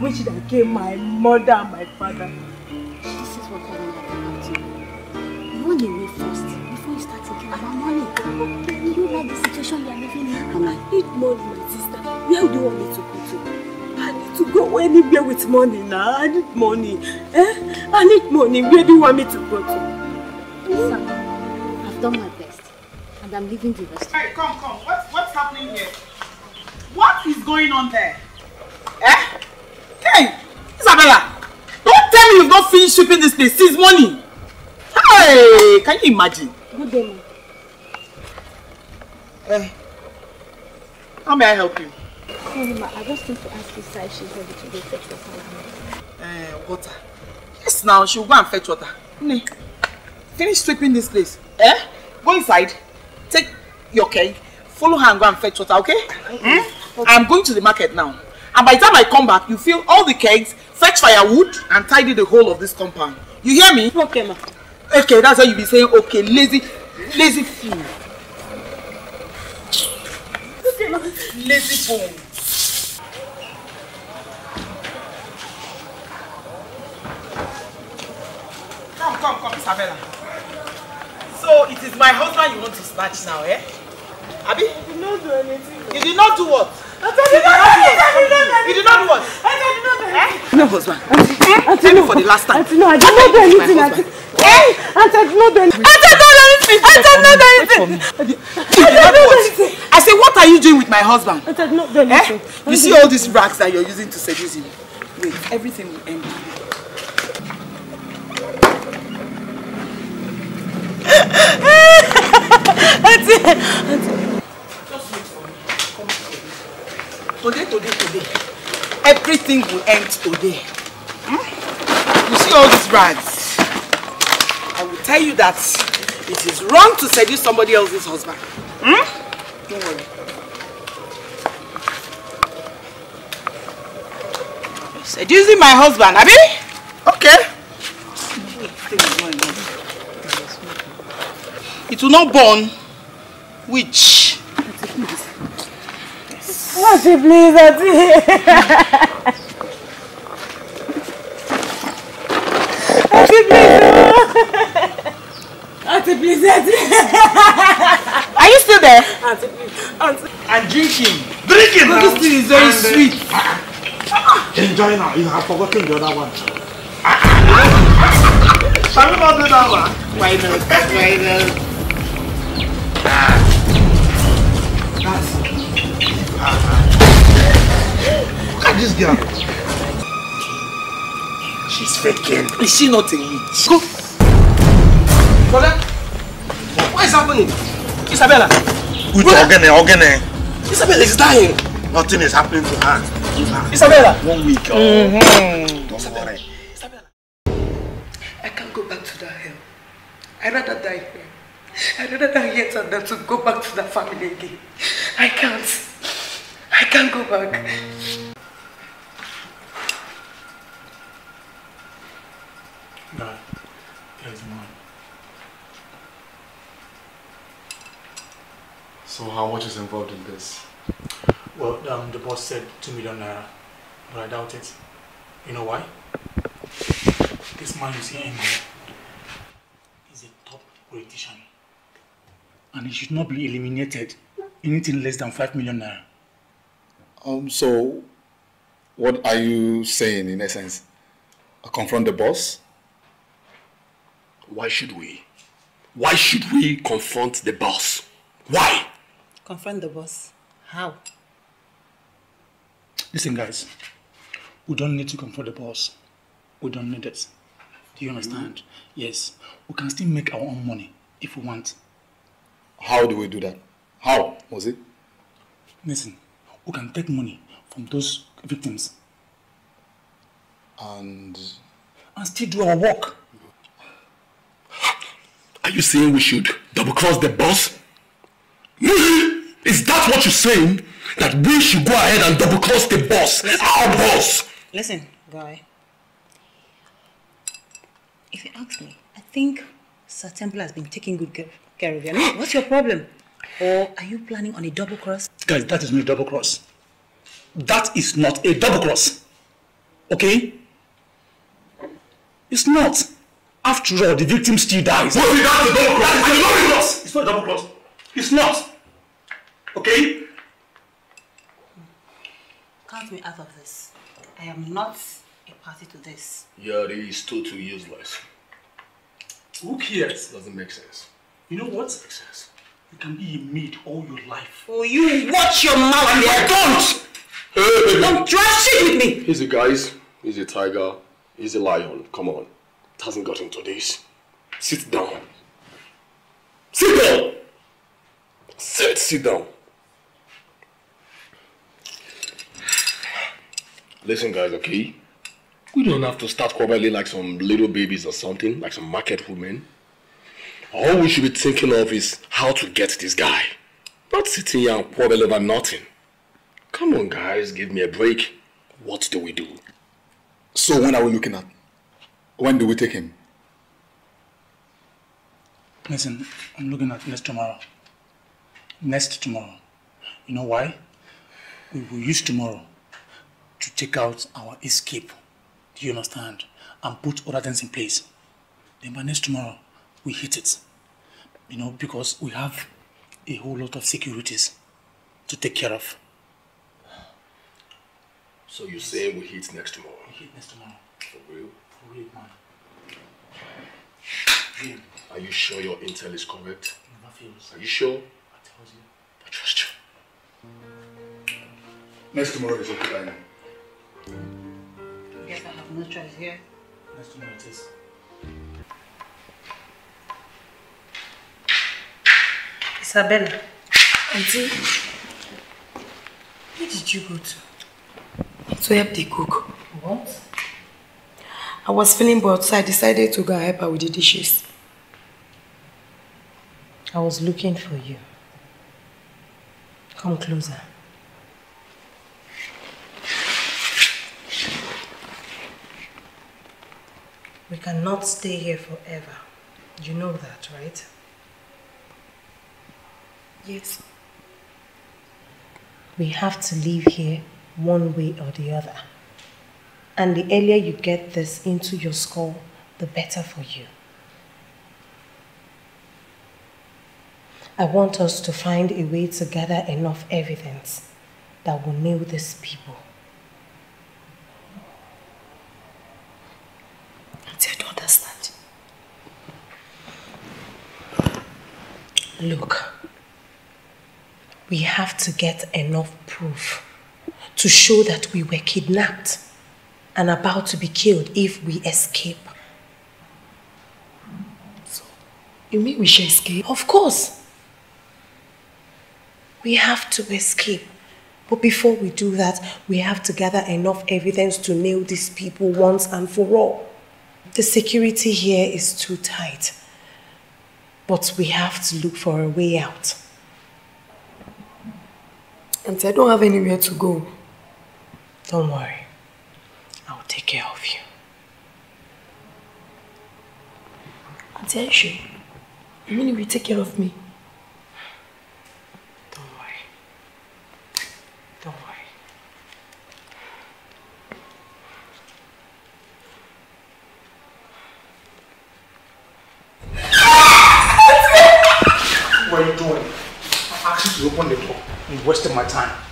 which I gave my mother and my father. This is what I want to happen. Run away first before you start thinking about money. Okay, you like the situation you are living in? And I need money, my sister. Where do you want me to go to? I need to go anywhere with money now. I need money. Eh? I need money. Where do you want me to go to? Sir, I've done my best. And I'm leaving the rest. Hey, come, come. What's, what's happening here? What is going on there? Eh? Terry, you've not finished sweeping this place since morning. Hey, can you imagine? Good day, ma'am. Eh, how may I help you? Sorry, ma, I just need to ask you sir she's ready to go fetch water. Eh, uh, water? Yes, now she'll go and fetch water. Ne, finish sweeping this place. Eh? Go inside, take your keg, follow her and go and fetch water, okay? okay. Mm? okay. I'm going to the market now. And by the time I come back, you fill all the kegs Fetch firewood and tidy the whole of this compound. You hear me? Okay, ma. Okay, that's why you be saying okay, lazy, lazy fool. Okay, ma. Lazy fool. Come, come, come, Isabella. So it is my husband you want to snatch now, eh? Abi? you did not do anything. You did not do what? I did not You did not do anything. You did not do anything. No, husband. Eh? Auntie, Tell me for the last time. Auntie, no, I did not do anything. Auntie, eh? Auntie, I did not do anything. I did not do anything. I did not do anything. You did not do what? I said, what are you doing with my husband? I did not do anything. You see all these rags that you're using to seduce him? Wait, everything will end. Hey! That's it. That's it. Just wait for me. Come Today, today, today. Everything will end today. Hmm? You see all these brands. I will tell you that it is wrong to seduce somebody else's husband. Hmm? Don't worry. Seducing my husband, Abby? Okay. It will not burn. Which? Yes. Auntie, please, Auntie. Auntie, please. Auntie, please, Auntie. Are you still there? Auntie, please. And drinking. Drinking now. This thing is very and, uh, sweet. Uh, Enjoy now. You have forgotten the other one. Ah. Shall we not do that one? Why not? Why not? I just got her. She's faking. Is she not a witch? Go. Brother, what is happening? Isabella. Uche, Ogene, Ogene. Isabella is dying. Nothing is happening to her. Isabella. One week. Oh. Mm -hmm. Don't Isabella. worry. Isabella. I can't go back to that hell. I'd rather die here. I'd rather die here than to go back to that family again. I can't. I can't go back. that is mine. So how much is involved in this? Well, um, the boss said 2 million naira, but I doubt it. You know why? This man you see here is a top politician. And he should not be eliminated anything less than 5 million naira. Um, so, what are you saying in essence? I confront the boss? Why should we? Why should we confront the boss? Why? Confront the boss? How? Listen, guys. We don't need to confront the boss. We don't need it. Do you understand? Mm Yes. We can still make our own money if we want. How do we do that? How, was it? Listen, we can take money from those victims. And? And still do our work. Are you saying we should double cross the boss? Is that what you're saying? That we should go ahead and double cross the boss? Listen, our boss? Listen, guy. If you ask me, I think Sir Temple has been taking good care of you. What's your problem? Or are you planning on a double cross? Guys, that is not a double cross. That is not a double cross. Okay? It's not. After all, the victim still dies. Well, that's a double cross. That's not a cross. It's not a double cross. It's not. Okay? Count me out of this. I am not a party to this. Yeah, is totally useless. Who cares? Doesn't make sense. You know what? Makes sense. You can be a maid all your life. Oh, you watch your mouth and yeah. don't! Hey, Don't try shit with me! He's a guy, he's a tiger, he's a lion. Come on hasn't got into this. Sit down. Sit down! Sit, sit down. Listen, guys, okay? We don't have to start quarreling like some little babies or something, like some market women. All we should be thinking of is how to get this guy. Not sitting here and over nothing. Come on, guys, give me a break. What do we do? So when are we looking at? When do we take him? Listen, I'm looking at next tomorrow. Next tomorrow. You know why? We will use tomorrow to take out our escape. Do you understand? And put other things in place. Then by next tomorrow, we hit it. You know, because we have a whole lot of securities to take care of. So you say we hit next tomorrow? We hit next tomorrow. For real? great man. Jim. Are you sure your intel is correct? Never fails. Are you sure? I tells you. I trust you. Next tomorrow is okay by Yes, I have no choice here. Next tomorrow it is. Isabella. Auntie. Where did you go to? To help the cook. What? I was feeling bored, so I decided to go and help her with the dishes. I was looking for you. Come closer. We cannot stay here forever. You know that, right? Yes. We have to leave here one way or the other. And the earlier you get this into your skull, the better for you. I want us to find a way to gather enough evidence that will nail these people. I don't understand. Look, we have to get enough proof to show that we were kidnapped and about to be killed if we escape. So, you mean we should escape? Of course. We have to escape. But before we do that, we have to gather enough evidence to nail these people once and for all. The security here is too tight. But we have to look for a way out. And I don't have anywhere to go. Don't worry. I will take care of you. Attention, you mean you will take care of me? Don't worry. Don't worry. What are you doing? I asked you to open the door. You wasted my time.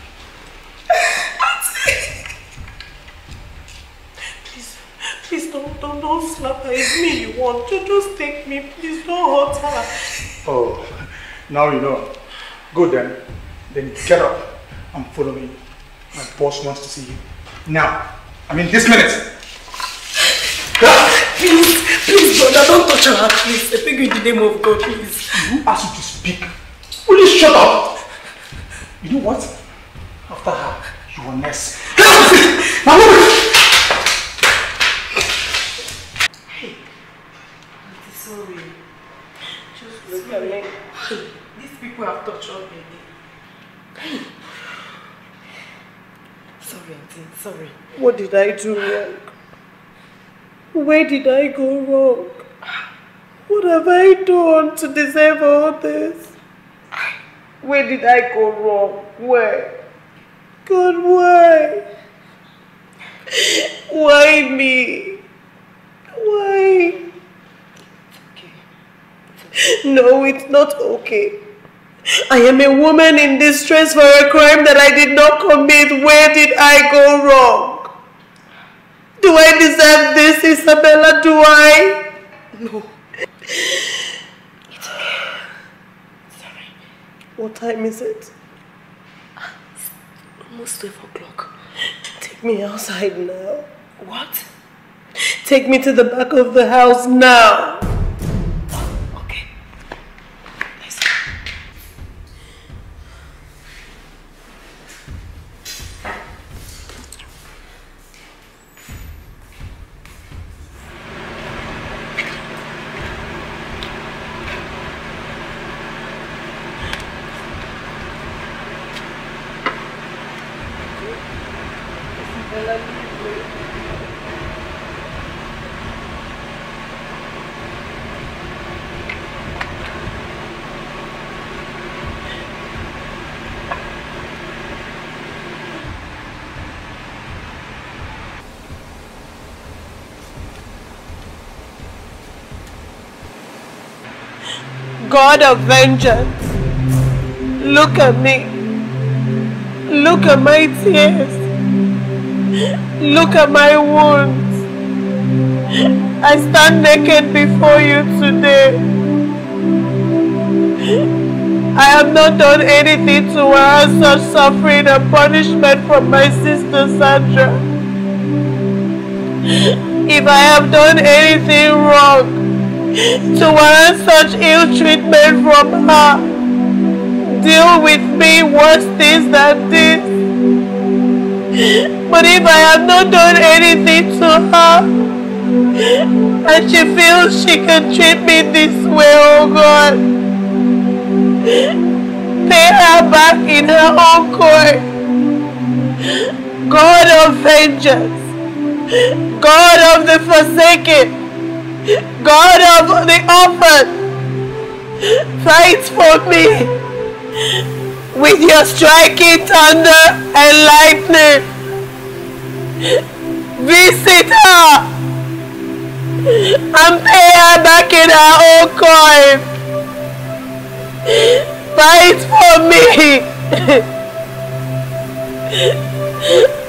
Please don't, don't, don't slap her. It's me you want. Just, just take me. Please don't hurt her. Oh, now you know. Good then. Then get up and follow me. My boss wants to see you. Now. I mean this minute. Ah, please, please, brother, don't touch her, please. I beg you in the name of God, please. Who asked you to speak? Will you shut up? You know what? After her, you are next. Help! sorry. Just Look At me. These people have tortured me Sorry, Auntie, sorry. What did I do wrong? Where did I go wrong? What have I done to deserve all this? Where did I go wrong? Where? God, why? Why me? Why? No, it's not okay. I am a woman in distress for a crime that I did not commit. Where did I go wrong? Do I deserve this, Isabella? Do I? No. It's okay. Sorry. What time is it? It's almost 12 o'clock. Take me outside now. What? Take me to the back of the house now. God of vengeance. Look at me. Look at my tears. Look at my wounds. I stand naked before you today. I have not done anything to warrant such suffering and punishment from my sister Sandra. If I have done anything wrong, to warrant such ill treatment from her. Deal with me worse things than this. But if I have not done anything to her, and she feels she can treat me this way, oh God, pay her back in her own court. God of vengeance, God of the forsaken, God of the open, fight for me with your striking thunder and lightning. Visit her and pay her back in her own coin. Fight for me.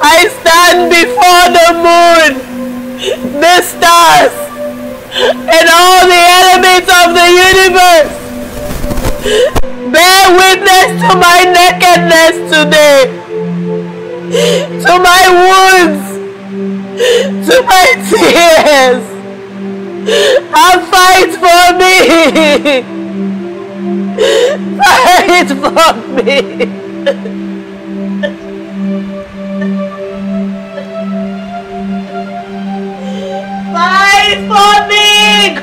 I stand before the moon, the stars, and all the elements of the universe bear witness to my nakedness today, to my wounds, to my tears, and fight for me. fight for me. fight for me big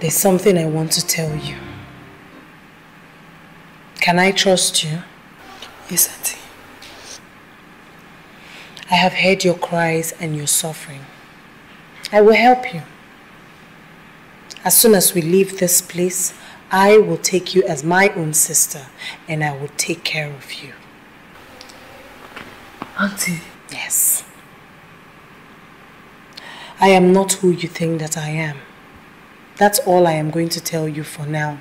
There's something I want to tell you. Can I trust you? Yes, Auntie. I have heard your cries and your suffering. I will help you. As soon as we leave this place, I will take you as my own sister and I will take care of you. Auntie? Yes. I am not who you think that I am. That's all I am going to tell you for now.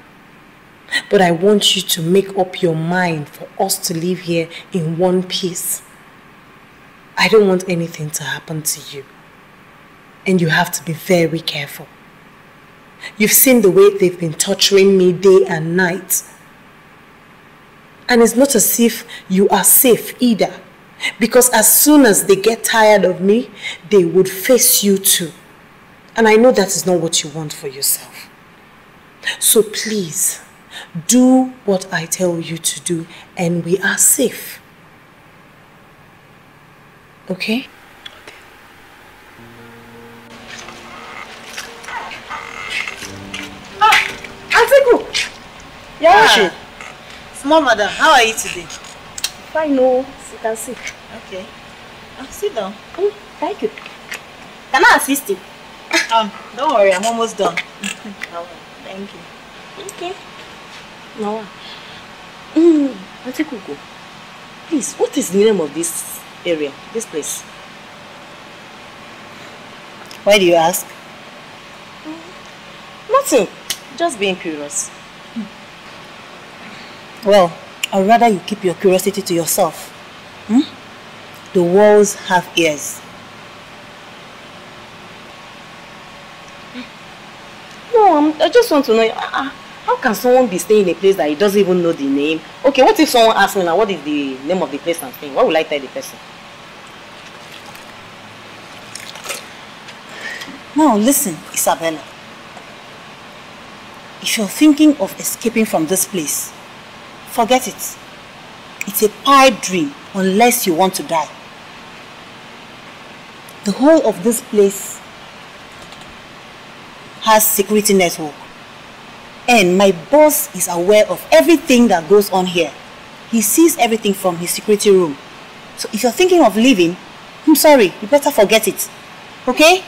But I want you to make up your mind for us to live here in one piece. I don't want anything to happen to you. And you have to be very careful. You've seen the way they've been torturing me day and night. And it's not as if you are safe either. Because as soon as they get tired of me, they would face you too. And I know that is not what you want for yourself. So please, do what I tell you to do and we are safe. Okay? Antigo! Yeah, ah. Small madam, how are you today? Fine, no, you can sit. Okay. Uh, sit down. Mm, thank you. Can I assist you? um, don't worry, I'm almost done. no, thank you. Okay. No. Mm, Auntie Kuku, please, what is the name of this area, this place? Why do you ask? Mm, nothing. Just being curious. Hmm. Well, I'd rather you keep your curiosity to yourself. Hmm? The walls have ears. Hmm. No, i just want to know. Uh, how can someone be staying in a place that he doesn't even know the name? Okay, what if someone asks me now, what is the name of the place I'm staying? What will I tell the person? Now, listen, Isabella. If you're thinking of escaping from this place, forget it. It's a pipe dream unless you want to die. The whole of this place has security network. And my boss is aware of everything that goes on here. He sees everything from his security room. So if you're thinking of leaving, I'm sorry, you better forget it. Okay?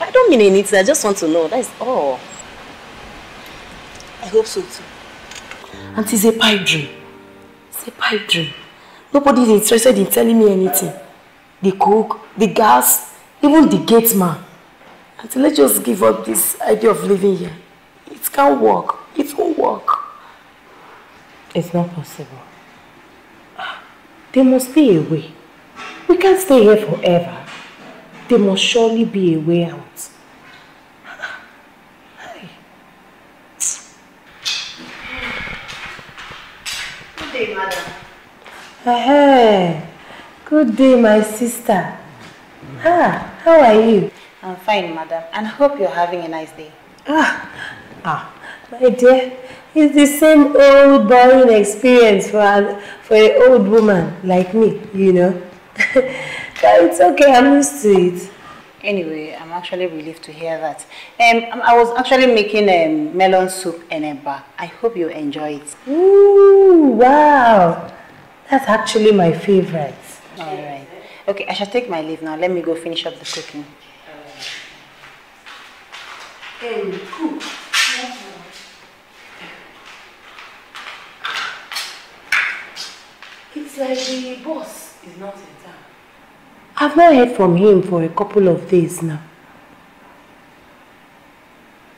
I don't mean anything, I just want to know, that's all. I hope so too. And it's a pipe dream. It's a pipe dream. Nobody's interested in telling me anything. The cook, the gas, even the gate man. And let's just give up this idea of living here. It can't work. It won't work. It's not possible. There must be a way. We can't stay here forever. There must surely be a way out. Hey, good day, my sister. Ah, how are you? I'm fine, madam, and hope you're having a nice day. Ah, ah, my dear, it's the same old boring experience for an, for an old woman like me, you know. it's okay, I'm used to it. Anyway, I'm actually relieved to hear that. Um, um I was actually making a um, melon soup and a bar. I hope you enjoy it. Ooh, wow. That's actually my favorite. All right. Okay, I shall take my leave now. Let me go finish up the cooking. Um, cool. It's like the boss is not in town. I've not heard from him for a couple of days now.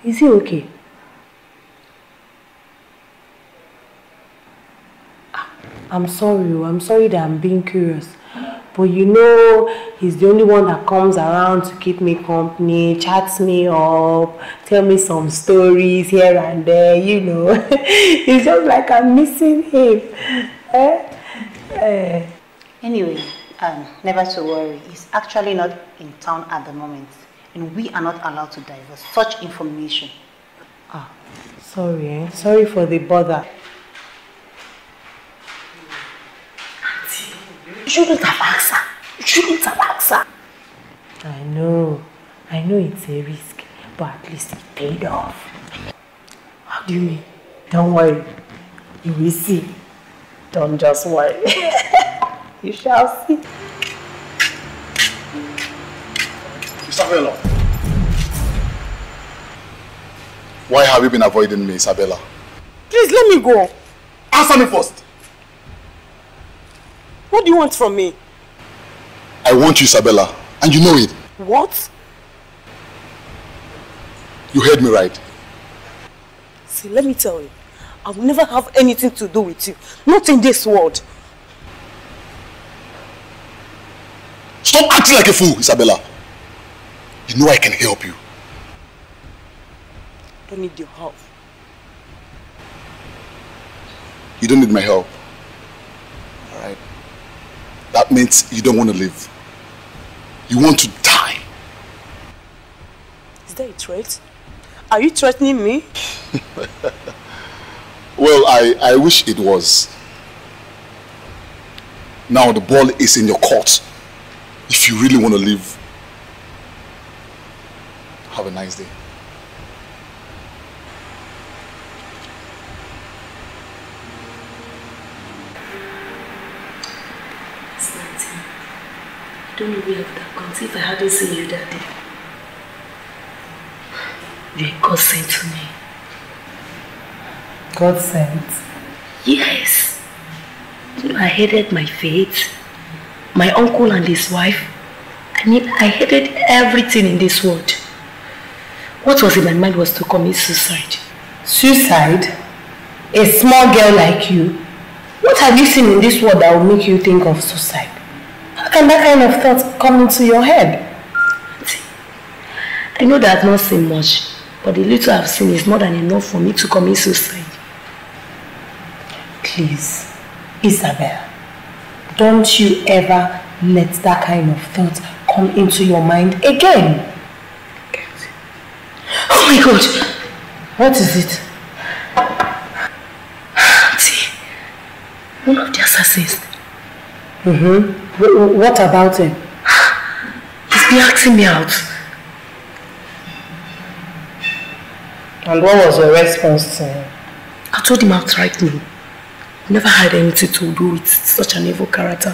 Is he okay? I'm sorry, oh, I'm sorry that I'm being curious. But you know, he's the only one that comes around to keep me company, chats me up, tell me some stories here and there, you know. it's just like I'm missing him. Eh? Eh. Anyway, um, never to worry. He's actually not in town at the moment. And we are not allowed to divulge such information. Ah, sorry, eh? Sorry for the bother. You shouldn't have asked her. You shouldn't have asked her. I know. I know it's a risk, but at least it paid off. How do you mean? Don't worry. You will see. Don't just worry. you shall see. Isabella. Why have you been avoiding me, Isabella? Please, let me go. Answer me first. What do you want from me? I want you, Isabella, and you know it. What? You heard me right. See, let me tell you. I will never have anything to do with you. Not in this world. Stop acting like a fool, Isabella. You know I can help you. I don't need your help. You don't need my help. That means you don't want to live. You want to die. Is that a threat? Are you threatening me? well, I, I wish it was. Now the ball is in your court. If you really want to live, have a nice day. don't know where I would have gone if I hadn't seen you that day. You're a godsend to me. Godsend? Yes. I hated my fate, my uncle and his wife. I mean, I hated everything in this world. What was in my mind was to commit suicide. Suicide? A small girl like you? What have you seen in this world that will make you think of suicide? can that kind of thought come into your head? I know that I've not seen much, but the little I've seen is more than enough for me to commit suicide. Please, Isabel, don't you ever let that kind of thought come into your mind again. Oh my god! What is it? Auntie, one of the assassins Mm-hmm. What about him? He's been asking me out. And what was your response to him? I told him outright no. I never had anything to do with such an evil character.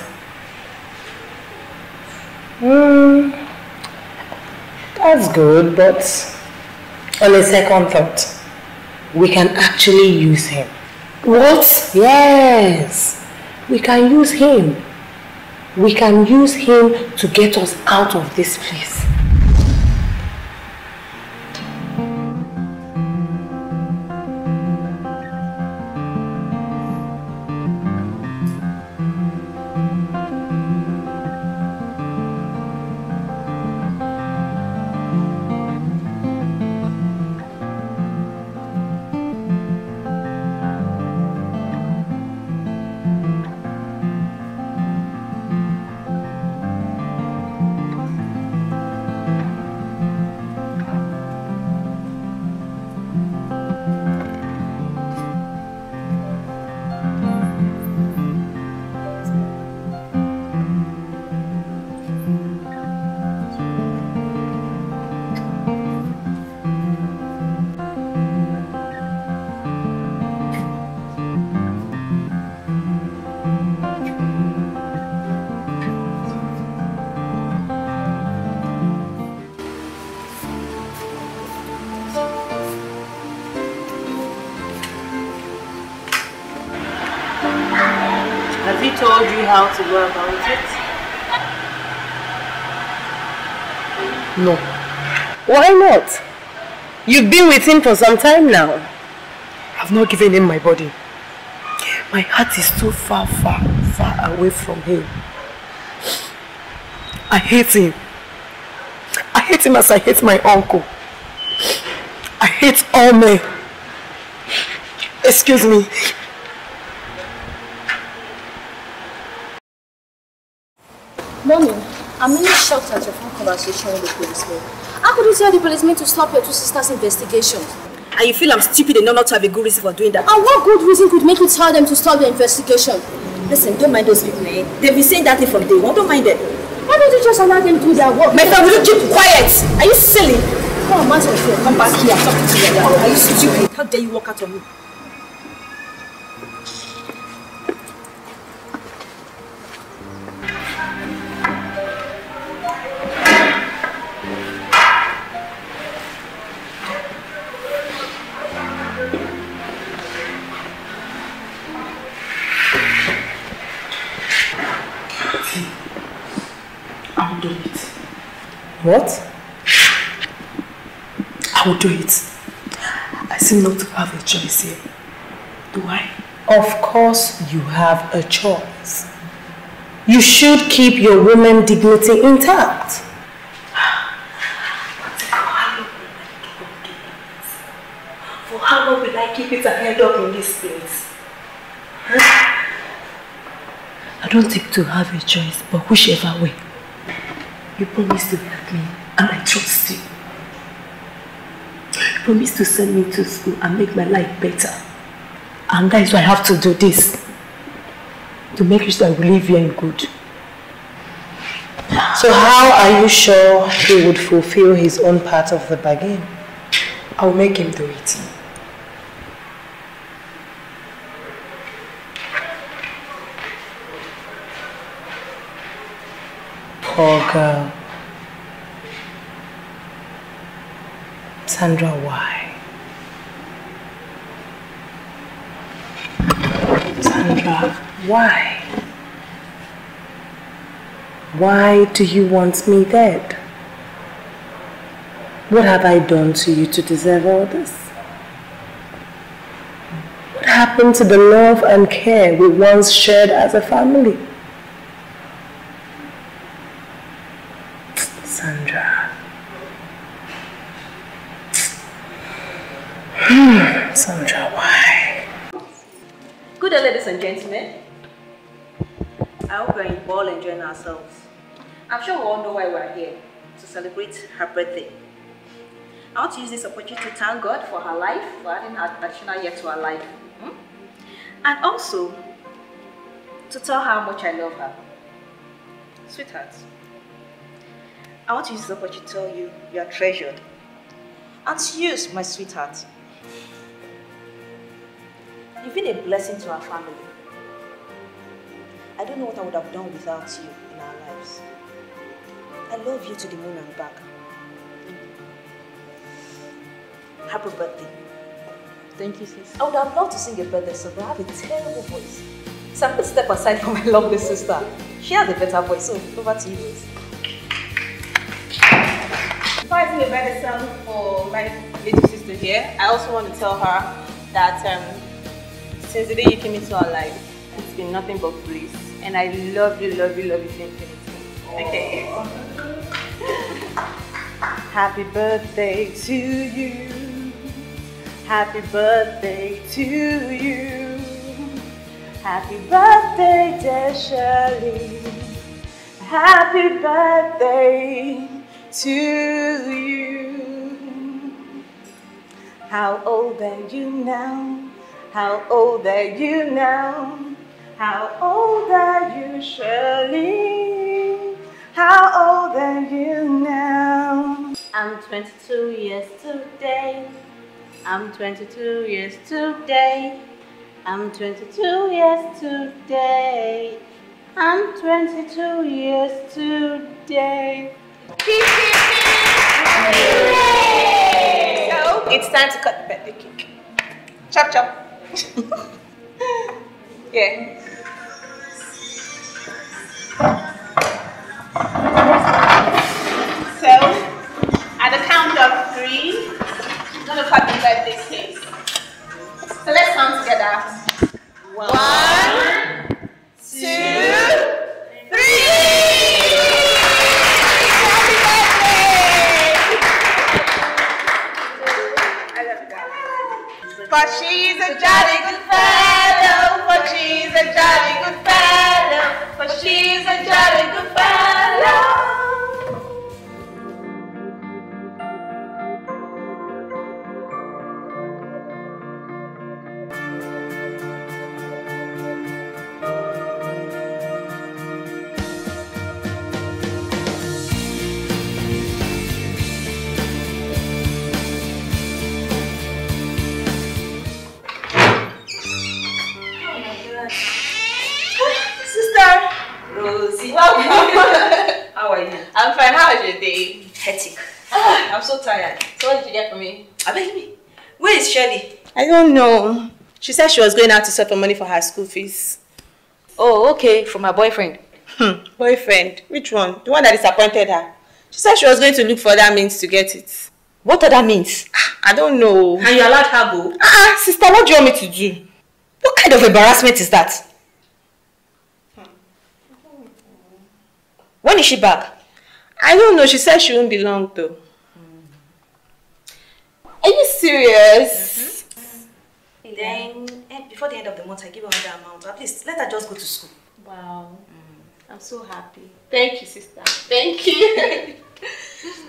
Hmm. That's good, but on a second thought, we can actually use him. What? Yes. We can use him we can use him to get us out of this place. You've been with him for some time now. I've not given him my body. My heart is too far, far, far away from him. I hate him. I hate him as I hate my uncle. I hate all men. Excuse me. conversation with the policeman. How could you tell the policeman to stop your two sisters' investigation? And you feel I'm stupid enough not to have a good reason for doing that? And what good reason could make you tell them to stop the investigation? Listen, don't mind those people, eh? They've been saying that thing from day one. Don't mind them. Why don't you just allow them to do their work? My friend, will you keep quiet? Are you silly? Come on, matter of fact, come back here. Talk to me. Are you stupid? How dare you walk out on me? What? I will do it. I seem not to have a choice here. Do I? Of course you have a choice. You should keep your woman dignity intact. For how long will I keep it ahead up in this place? Huh? I don't seem to have a choice, but whichever way, you promise to me and I trust you. You promised to send me to school and make my life better. And that is why I have to do this. To make sure that we live here in good. So how are you sure he would fulfill his own part of the bargain? I'll make him do it. Poor girl. Sandra Y. Sandra, why? Why do you want me dead? What have I done to you to deserve all this? What happened to the love and care we once shared as a family? ourselves. I'm sure we all know why we're here, to celebrate her birthday. I want to use this opportunity to thank God for her life, for adding her additional year to her life. -hmm. And also, to tell her how much I love her. Sweetheart, I want to use this opportunity to tell you you are treasured. And to use my sweetheart, you've been a blessing to our family. I don't know what I would have done without you in our lives. I love you to the moon and back. Happy birthday. Thank you, sis. I would have loved to sing a birthday song, but I have a terrible voice. So I'm going to step aside for my lovely sister. She has a better voice, so over to you. Before I sing a birthday song for my little sister here, I also want to tell her that um, since the day you came into our life, it's been nothing but bliss. And I love you, love you, love you thank you. Okay. Happy birthday to you. Happy birthday to you. Happy birthday, dear Shirley. Happy birthday to you. How old are you now? How old are you now? How old are you, Shirley? How old are you now? I'm 22 years today. I'm 22 years today. I'm 22 years today. I'm 22 years today. So it's time to cut the birthday cake. Chop chop. yeah. So, at the count of three, I'm going to copy like this case. So let's count together. One, One two, But she's a jolly good fellow, But she's a jolly good fellow, But she's a jolly good fellow. Rosie. Welcome. How are you? I'm fine. How was your day? Hectic. Ah, I'm so tired. So what did you get for me? I beg Where is Shirley? I don't know. She said she was going out to sort of money for her school fees. Oh, okay. For my boyfriend. Hmm. Boyfriend? Which one? The one that disappointed her. She said she was going to look for other means to get it. What other means? Ah, I don't know. And you allowed her go? Ah, uh -uh, sister, what do you want me to do? What kind of embarrassment is that? When is she back? I don't know. She said she won't be long though. Are you serious? Mm-hmm. Then eh, before the end of the month, I give her another amount. At least let her just go to school. Wow. Mm. I'm so happy. Thank you, sister. Thank you.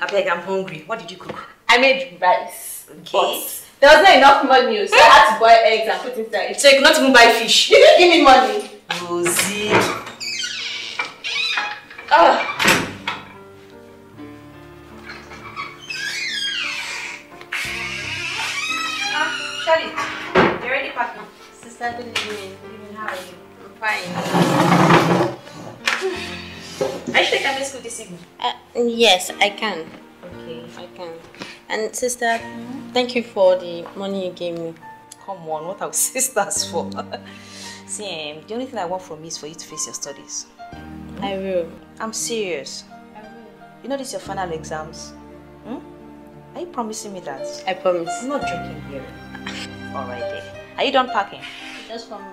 I beg, I'm hungry. What did you cook? I made rice. Okay. But there was not enough money, so I had to boil eggs and put inside. So you could not even buy fish. You give me money. Rosie. Ugh. Ah, Charlie, ah, you ready packing? Sister, I believe in How are you? I'm fine. Are you sure you can school this evening? Uh, yes, I can. Okay. I can. And sister, thank you for the money you gave me. Come on, what are sisters for? See, um, the only thing I want from you is for you to face your studies. I will. I'm serious. You know this is your final exams. Hmm? Are you promising me that? I promise. I'm not drinking here. Alright eh. Are you done packing? Just from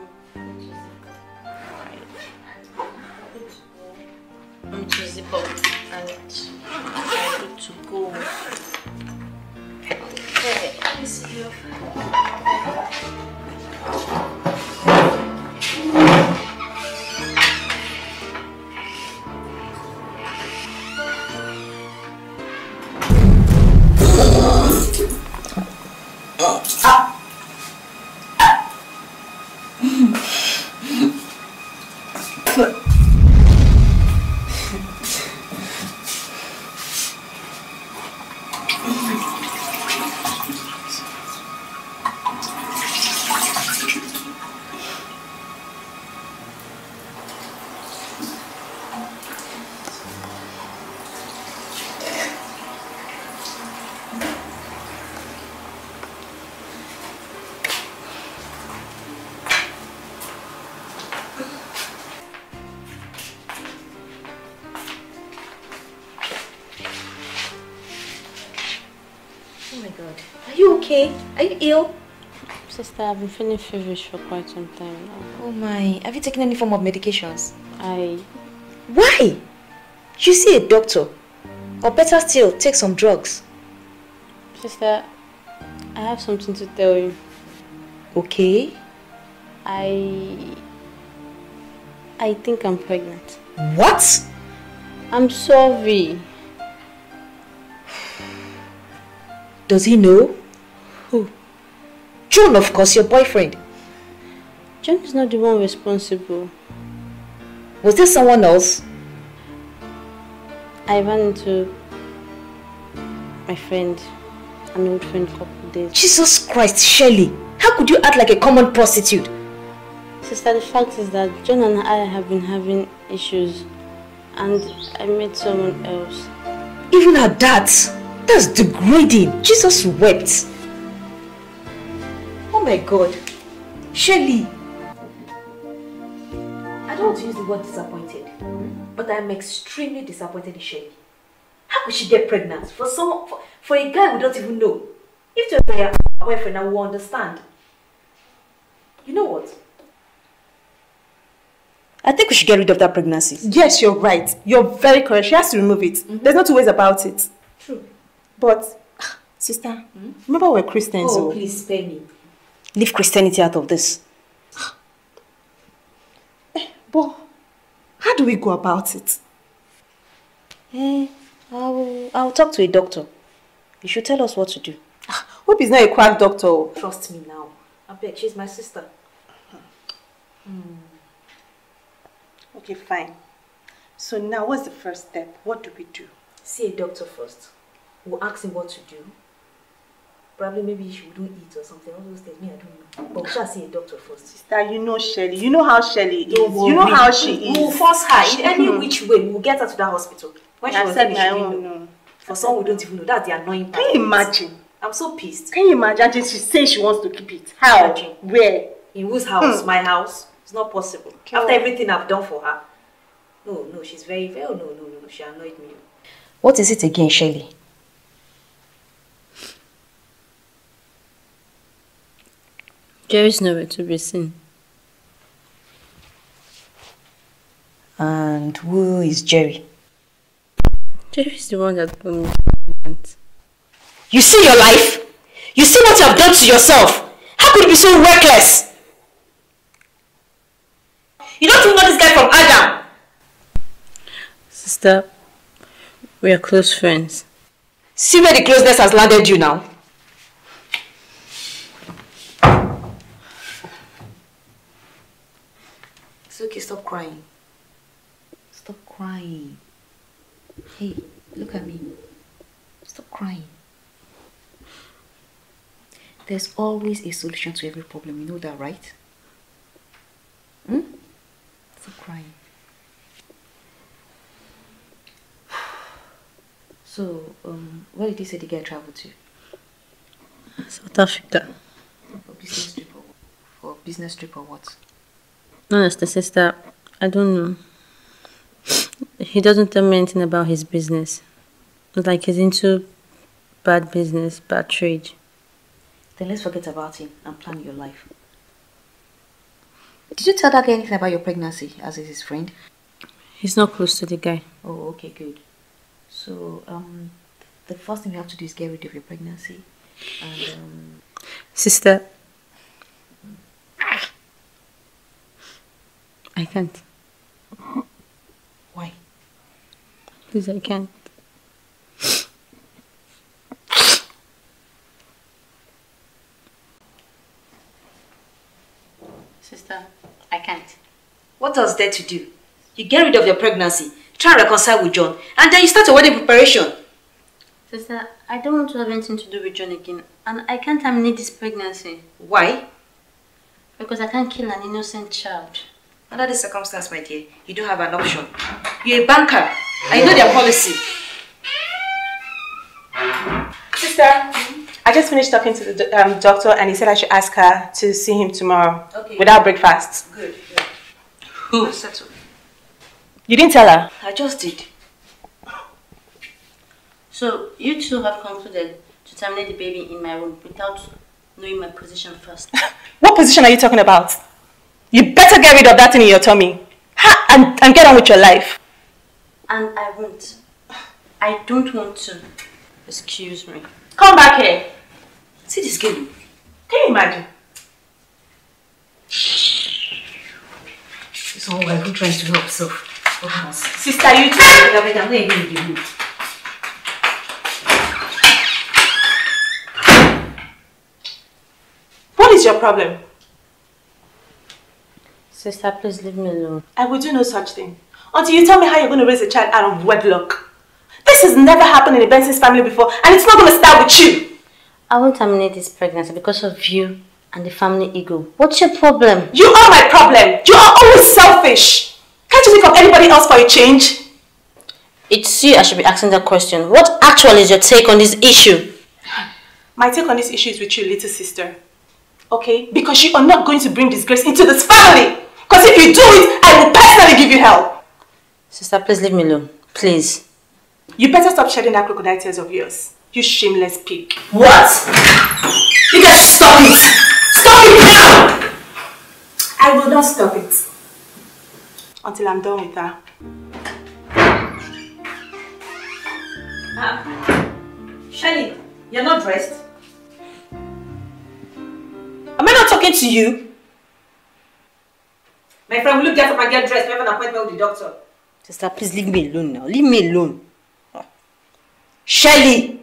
I'm to zip and I'm to go. Okay, let me see you. Sister, I've been feeling feverish for quite some time now. Oh my, have you taken any form of medications? I... Why? You see a doctor. Or better still, take some drugs. Sister, I have something to tell you. Okay. I... I think I'm pregnant. What? I'm sorry. Does he know? John, of course, your boyfriend. John is not the one responsible. Was there someone else? I ran into my friend, an old friend, couple days. Jesus Christ, Shelley! How could you act like a common prostitute? Sister, the fact is that John and I have been having issues and I met someone else. Even at that? That's degrading. Jesus wept my God. Shelly. I don't want to use the word disappointed, but I'm extremely disappointed in Shelly. How could she get pregnant for some for, for a guy we don't even know? If it was my boyfriend, I will understand. You know what? I think we should get rid of that pregnancy. Yes, you're right. You're very correct. She has to remove it. Mm -hmm. There's no two ways about it. True. But, sister, mm -hmm. remember we're Christians. Oh, so. Oh. please spare me. Leave Christianity out of this. Eh, Bo. how do we go about it? Eh, I'll, I'll talk to a doctor. You should tell us what to do. Ah, hope he's not a quack doctor. Trust me now. I beg, she's my sister. Hmm. Okay, fine. So now what's the first step? What do we do? See a doctor first. We'll ask him what to do Probably maybe she wouldn't eat or something. All those things. Me, I don't know. But we shall see a doctor first. Sister, you know Shelly. You know how Shelly is. Worry. You know how she we, is. We'll force her in any which way. We'll get her to that hospital. When she I was said finished, my own, Know. For some, we don't even know. That's the annoying part. Can you imagine? I'm so pissed. Can you imagine? She says she wants to keep it. How? Imagine. Where? In whose house? Hmm. My house. It's not possible. Okay. After everything I've done for her. No, no, she's very, very, oh, no, no, no, she annoyed me. What is it again, Shelly? There is nowhere to be seen. And who is Jerry? Jerry is the one that promised me. You see your life? You see what you have done to yourself? How could you be so reckless? You don't even know this guy from Adam. Sister, we are close friends. See where the closeness has landed you now? Okay, stop crying. Stop crying. Hey, look at me. Stop crying. There's always a solution to every problem. You know that, right? Hmm? Stop crying. So, um, where did you say the guy traveled to? South Africa. For business trip or, for business trip or what? honest, I that I don't know. He doesn't tell me anything about his business. Like he's into bad business, bad trade. Then let's forget about him and plan your life. Did you tell that guy anything about your pregnancy as is his friend? He's not close to the guy. Oh, okay, good. So, um, the first thing you have to do is get rid of your pregnancy. And, um... Sister, I can't. Why? Please, I can't. Sister, I can't. What else there to do? You get rid of your pregnancy, try and reconcile with John, and then you start your wedding preparation. Sister, I don't want to have anything to do with John again, and I can't terminate this pregnancy. Why? Because I can't kill an innocent child. Under this circumstance, my dear, you don't have an option. You're a banker. I know their policy. Sister, I just finished talking to the um, doctor and he said I should ask her to see him tomorrow. Okay. Without breakfast. Good, good. Who? Settle. You didn't tell her? I just did. So, you two have concluded to terminate the baby in my room without knowing my position first. what position are you talking about? You better get rid of that thing in your tummy. Ha! And, and get on with your life. And I won't. I don't want to. Excuse me. Come back here. See this game. Can you imagine? It's all right. Who tries to help so? Sister, you too. Ah! i going to give you. What is your problem? Sister, please leave me alone. I will do no such thing. Until you tell me how you're going to raise a child out of wedlock. This has never happened in the Benson's family before, and it's not going to start with you. I won't terminate this pregnancy because of you and the family ego. What's your problem? You are my problem. You are always selfish. Can't you think of anybody else for a change? It's you I should be asking that question. What actually is your take on this issue? My take on this issue is with you, little sister. Okay? Because you are not going to bring disgrace into this family! But if you do it, I will personally give you hell. Sister, please leave me alone. Please. You better stop shedding that crocodile tears of yours. You shameless pig. What? You can stop it. Stop it now! I will not stop it. Until I'm done with her. Ah. Shelly, you're not dressed. Am I not talking to you? My friend, will you get up and get dressed? We have an appointment with the doctor. Sister, please leave me alone now. Leave me alone. Shelly!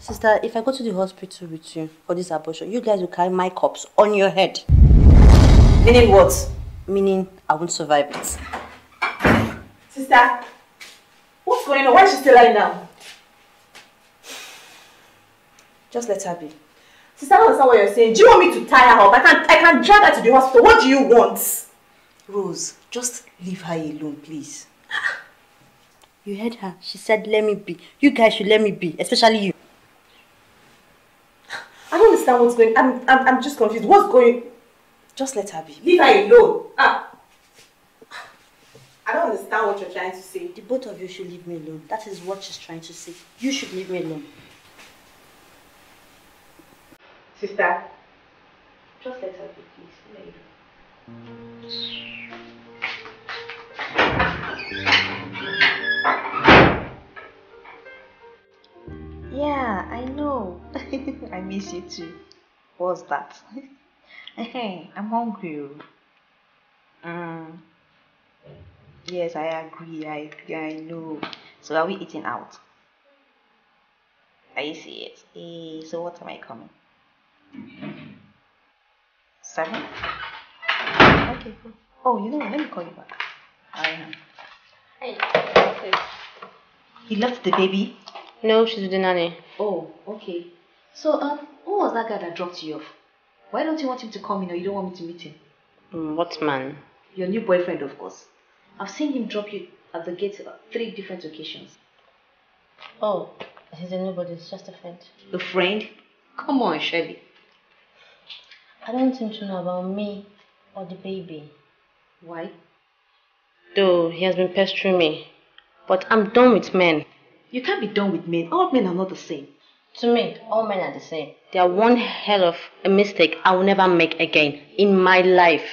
Sister, if I go to the hospital with you for this abortion, you guys will carry my corpse on your head. Meaning what? Meaning I won't survive it. Sister, what's going on? Why is she still lying now? Just let her be. Sister, I don't understand what you're saying. Do you want me to tie her up? I can't, I can't drag her to the hospital. What do you want? Rose, just leave her alone, please. You heard her. She said, let me be. You guys should let me be, especially you. I don't understand what's going on. I'm, I'm, I'm just confused. What's going Just let her be. Leave her alone. Ah. I don't understand what you're trying to say. The both of you should leave me alone. That is what she's trying to say. You should leave me alone. Sister, just let her be, please. Let her be. Yeah, I know. I miss you too. What's that? hey, I'm hungry. Mm. Yes, I agree. I I know. So are we eating out? I see it. so what am I coming? Seven? Okay, cool. Oh, you know what? Let me call you back. I am. Hey, He left the baby. No, she's with the nanny. Oh, okay. So, um, who was that guy that dropped you off? Why don't you want him to come in or you don't want me to meet him? Mm, what man? Your new boyfriend, of course. I've seen him drop you at the gate on three different occasions. Oh, he's a nobody, it's just a friend. A friend? Come on, Shelly. I don't want him to know about me or the baby. Why? Though he has been pestering me, but I'm done with men. You can't be done with men. All men are not the same. To me, all men are the same. They are one hell of a mistake I will never make again in my life.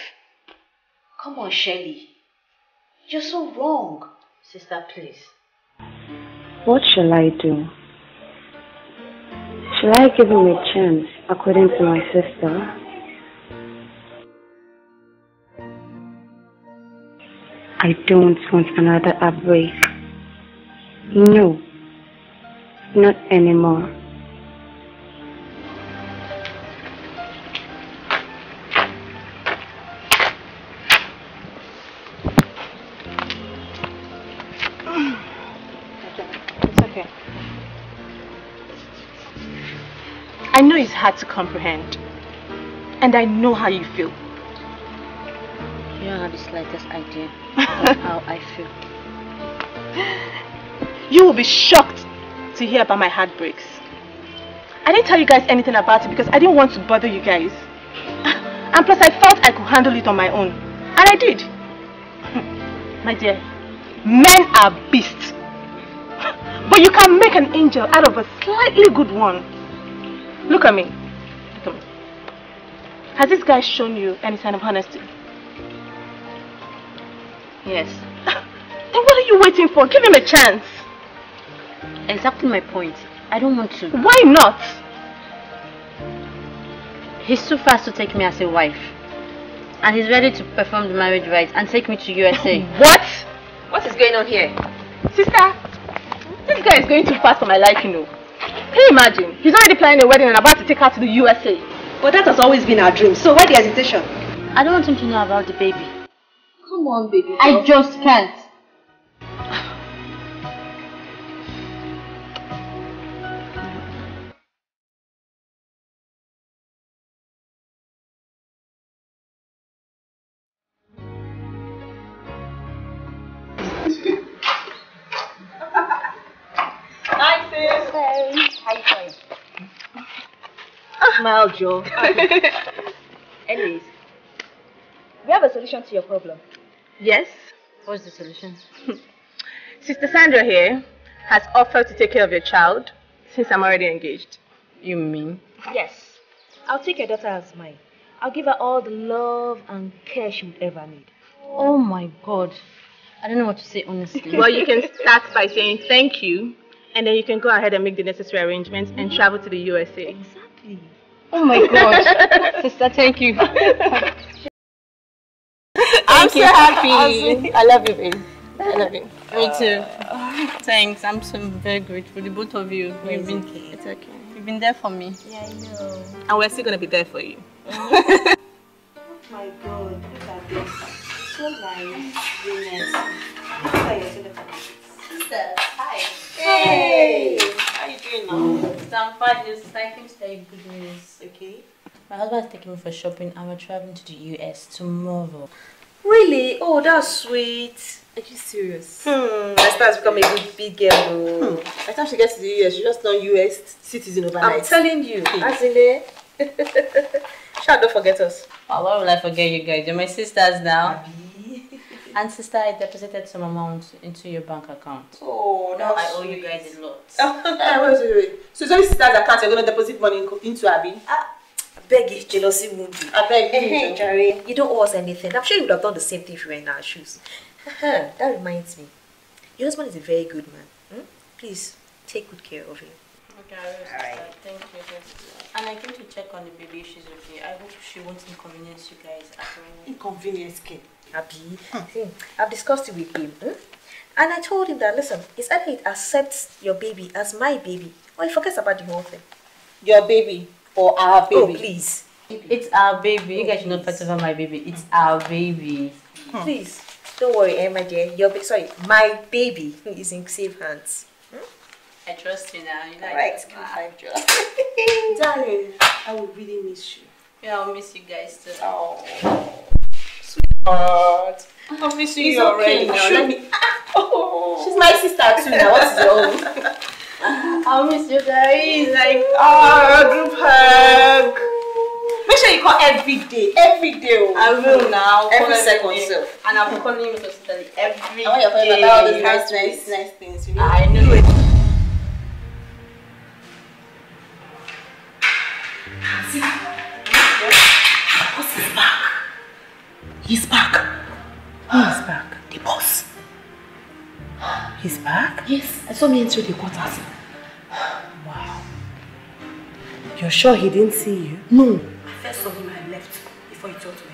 Come on, Shelley. You're so wrong. Sister, please. What shall I do? Shall I give him a chance according to my sister? I don't want another outbreak. No. Not anymore. It's okay. I know it's hard to comprehend. And I know how you feel. You don't have the slightest idea of how I feel. You will be shocked to hear about my heartbreaks. I didn't tell you guys anything about it because I didn't want to bother you guys. And plus I felt I could handle it on my own. And I did. my dear, men are beasts. But you can make an angel out of a slightly good one. Look at me. Look at me. Has this guy shown you any sign of honesty? Yes. then what are you waiting for? Give him a chance exactly my point. I don't want to. Why not? He's too fast to take me as a wife. And he's ready to perform the marriage rites and take me to USA. what? What is going on here? Sister, this guy is going too fast for my liking, know. Can you imagine? He's already planning a wedding and about to take her to the USA. But that has always been our dream, so why the hesitation? I don't want him to know about the baby. Come on, baby. I just can't. smile, Joe. Anyways, we have a solution to your problem. Yes? What's the solution? Sister Sandra here has offered to take care of your child since I'm already engaged. You mean? Yes. I'll take your daughter as mine. I'll give her all the love and care she would ever need. Oh my god. I don't know what to say honestly. well, you can start by saying thank you, and then you can go ahead and make the necessary arrangements and travel to the USA. Exactly. Oh my gosh. Sister, thank you. thank I'm you. so happy. I love you, babe. I love you. Me uh, too. Uh, Thanks. I'm so very grateful. The both of you. You've been okay. it's okay. You've been there for me. Yeah, I know. And we're still gonna be there for you. oh my god, look at this. so nice. Sister. Hi. Hey. hey you doing now? Some fun is taking to the good news. Okay. My husband is taking me for shopping and we're traveling to the US tomorrow. Really? Oh, that's sweet. Are you serious? Hmm. Esther has become a good big girl. Oh. Hmm. By time she gets to the US, she just done US citizen overnight. I'm telling you. Okay. Hmm. As in eh? don't forget us. Oh, why will I forget you guys? You're my sisters now. Abby. And sister, I deposited some amount into your bank account. Oh, no, I owe you guys a lot. wait, wait, wait. So it's sister's account you're going to deposit money into Abby? Uh, ah, beg you, jealousy would be. I beg you, Jerry. You don't owe us anything. I'm sure you would have done the same thing if you were in our shoes. that reminds me. Your husband is a very good man. Hmm? Please, take good care of him. Okay, All right. Start. Thank you. And I came to check on the baby. She's okay. I hope she won't inconvenience you guys at all. Inconvenience, kid. Abby. Hmm. I've discussed it with him. Hmm? And I told him that, listen, it's either it accepts your baby as my baby or he forgets about the whole thing. Your baby or our oh, baby? Oh, please. It's our baby. Oh, you guys should not fight over my baby. It's our baby. Hmm. Please, don't worry, eh, my dear. Your sorry, my baby is in safe hands. Hmm? I trust you now. You know, All right, I trust Darling, I will really miss you. Yeah, I'll miss you guys too. Oh. God. I'm missing it's you okay. already. Now. Let me... oh. She's my sister too now. What's wrong? I'll miss you guys. Like, ah, oh, group hug. Make sure you call every day. Every day. Oh. I will now. Every second, so. And I'll be calling you Mr. Every day. I want your friend about all these nice, nice, nice things. You know? I know it. See? He's back. He's back. The boss. He's back? Yes, I saw him enter the quarters. Wow. You're sure he didn't see you? No. I first saw him and left before he told me.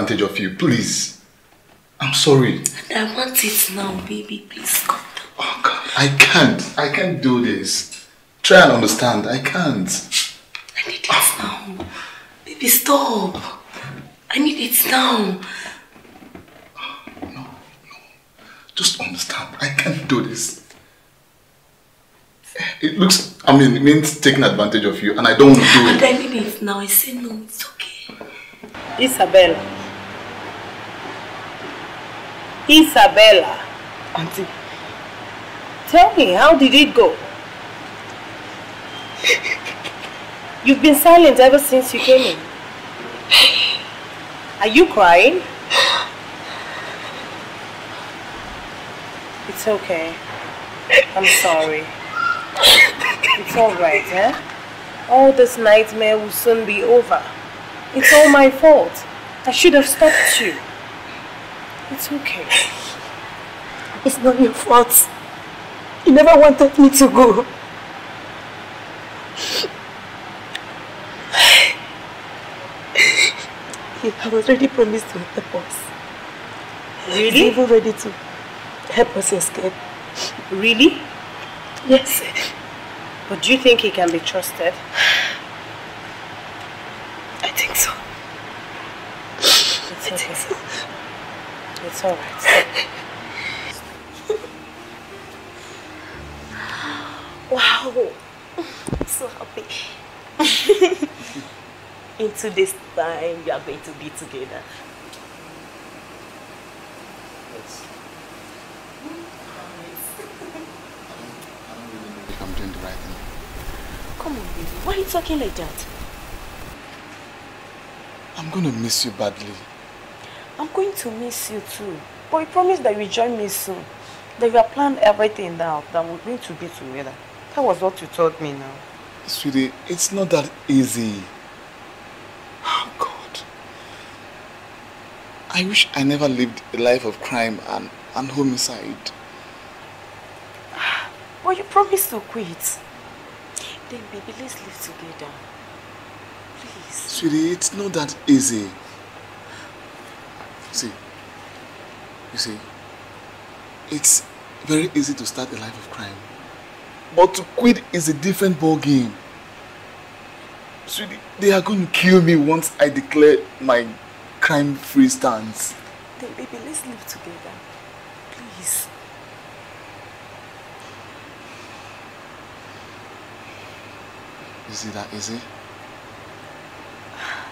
advantage of you. Please. I'm sorry. And I want it now, baby. Please come down. Oh, God. I can't. I can't do this. Try and understand. I can't. I need it oh. now. Baby, stop. I need it now. No, no. Just understand. I can't do this. Eh, it looks, I mean, it means taking advantage of you, and I don't want to do it. And I need it now. I say no, it's okay. Isabel. Isabella. Auntie. Tell me, how did it go? You've been silent ever since you came in. Are you crying? It's okay. I'm sorry. It's alright, eh? All this nightmare will soon be over. It's all my fault. I should have stopped you. It's okay. It's not your fault. You never wanted me to go. You have already promised to help us. Really? He's even ready to help us escape. Really? Yes. But do you think he can be trusted? It's all right. wow. I'm so happy. In two days' time, we are going to be together. Yes. I'm doing the right thing. Come on, baby. Why are you talking like that? I'm gonna miss you badly. I'm going to miss you too. But you promise that you will join me soon. That we have planned everything now that we're going to be together. That was what you told me now. Sweetie, it's not that easy. Oh, God. I wish I never lived a life of crime and, and homicide. But you promised to quit. Then, baby, let's live together. Please. Sweetie, it's not that easy. See, you see, it's very easy to start a life of crime. But to quit is a different ball game. Sweetie, they are going to kill me once I declare my crime-free stance. Then, baby, let's live together. Please. Is it that easy?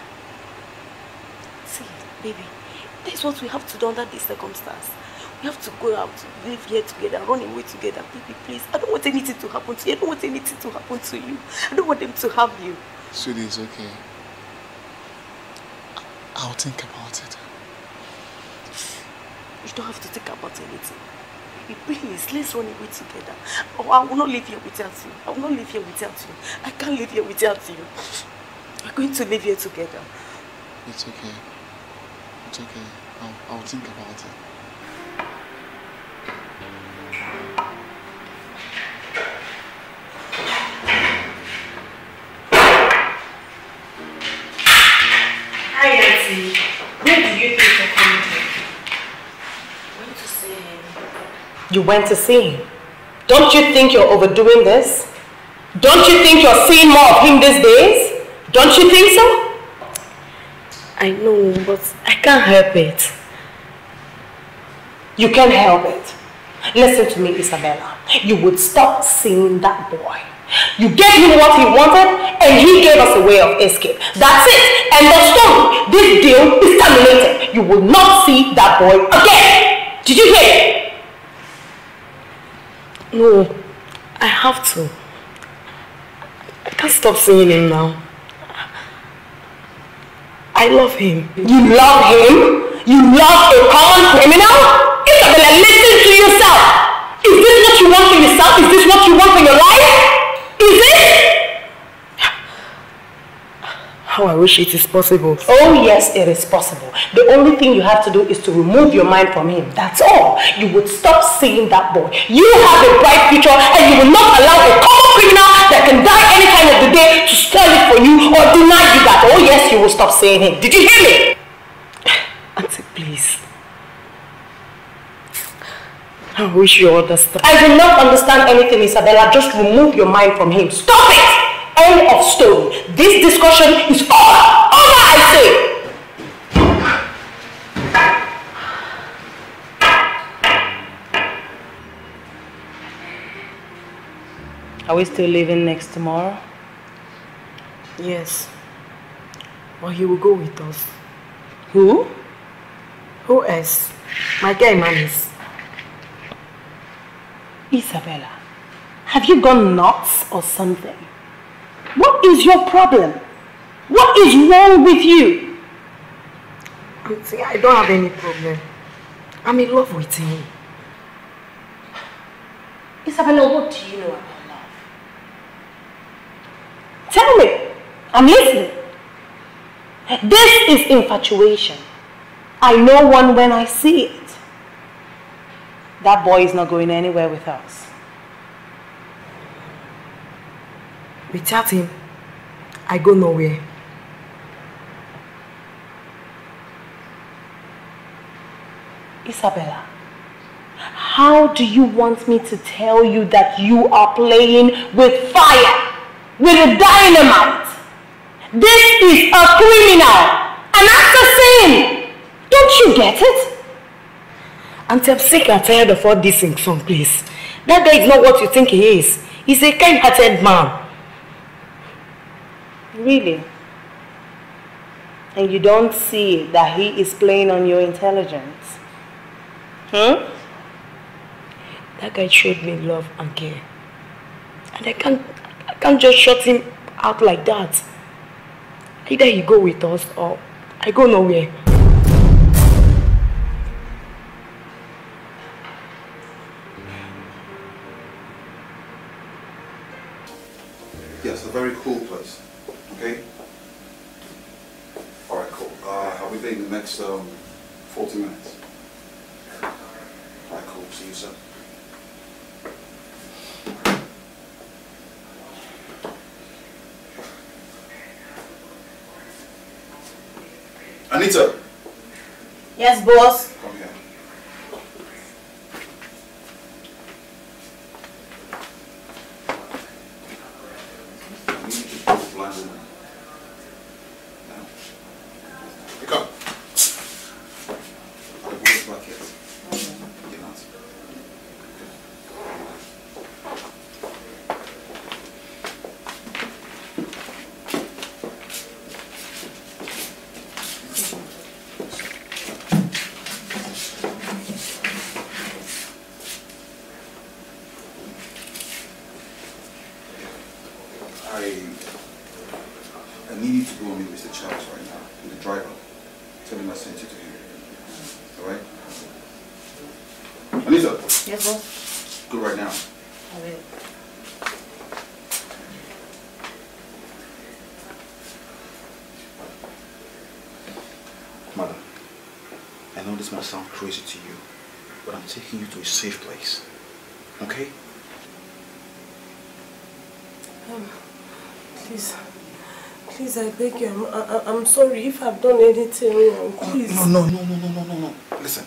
See, baby. That's what we have to do under this circumstance. We have to go out, live here together, run away together. Baby, please. I don't want anything to happen to you. I don't want anything to happen to you. I don't want them to have you. Sweetie, it's okay. I'll think about it. You don't have to think about anything. Baby, please, let's run away together. Oh, I will not live here without you. I will not live here without you. I can't live here without you. We're going to live here together. It's okay. It's okay. I'll, I'll think about it. You went to see him. Don't you think you're overdoing this? Don't you think you're seeing more of him these days? Don't you think so? I know, but I can't help it. You can't help it. Listen to me, Isabella. You would stop seeing that boy. You gave him what he wanted, and he gave us a way of escape. That's it. End of story. This deal is terminated. You will not see that boy again. Did you hear No, I have to. I can't stop seeing him now. I love him. You love him? You love a common criminal? Isabella, listen to yourself. Is this what you want for yourself? Is this what you want for your life? Is it? How I wish it is possible. Oh yes, it is possible. The only thing you have to do is to remove your mind from him. That's all. You would stop seeing that boy. You have a bright future and you will not allow a common criminal that can die any time of the day to spoil it for you or deny you that. Oh yes, you will stop seeing him. Did you hear me? Auntie, please. I wish you understand. I do not understand anything, Isabella. Just remove your mind from him. Stop it! end of story. This discussion is over. Over, I say. Are we still leaving next tomorrow? Yes. Or he will go with us. Who? Who else? My guy Mamis. Isabella, have you gone nuts or something? What is your problem? What is wrong with you? Auntie, I don't have any problem. I'm in love with him. Isabella, what do you know about love? Tell me. I'm listening. This is infatuation. I know one when I see it. That boy is not going anywhere with us. Without him, I go nowhere. Isabella, how do you want me to tell you that you are playing with fire, with a dynamite? This is a criminal, an assassin! Don't you get it? Auntie, I'm sick and tired of all this in some place. That guy is not what you think he is. He's a kind-hearted man. Really? And you don't see that he is playing on your intelligence. Hmm? That guy showed me love and care. And I can't, I can't just shut him out like that. Either he go with us or I go nowhere. Yes, a very cool in the next 40 minutes. Right, cool. See you soon. Anita. Yes, boss. know this might sound crazy to you, but I'm taking you to a safe place. Okay? Um, please. Please, I beg you. I'm, I, I'm sorry if I've done anything wrong. Please. No, no, no, no, no, no, no, no. Listen.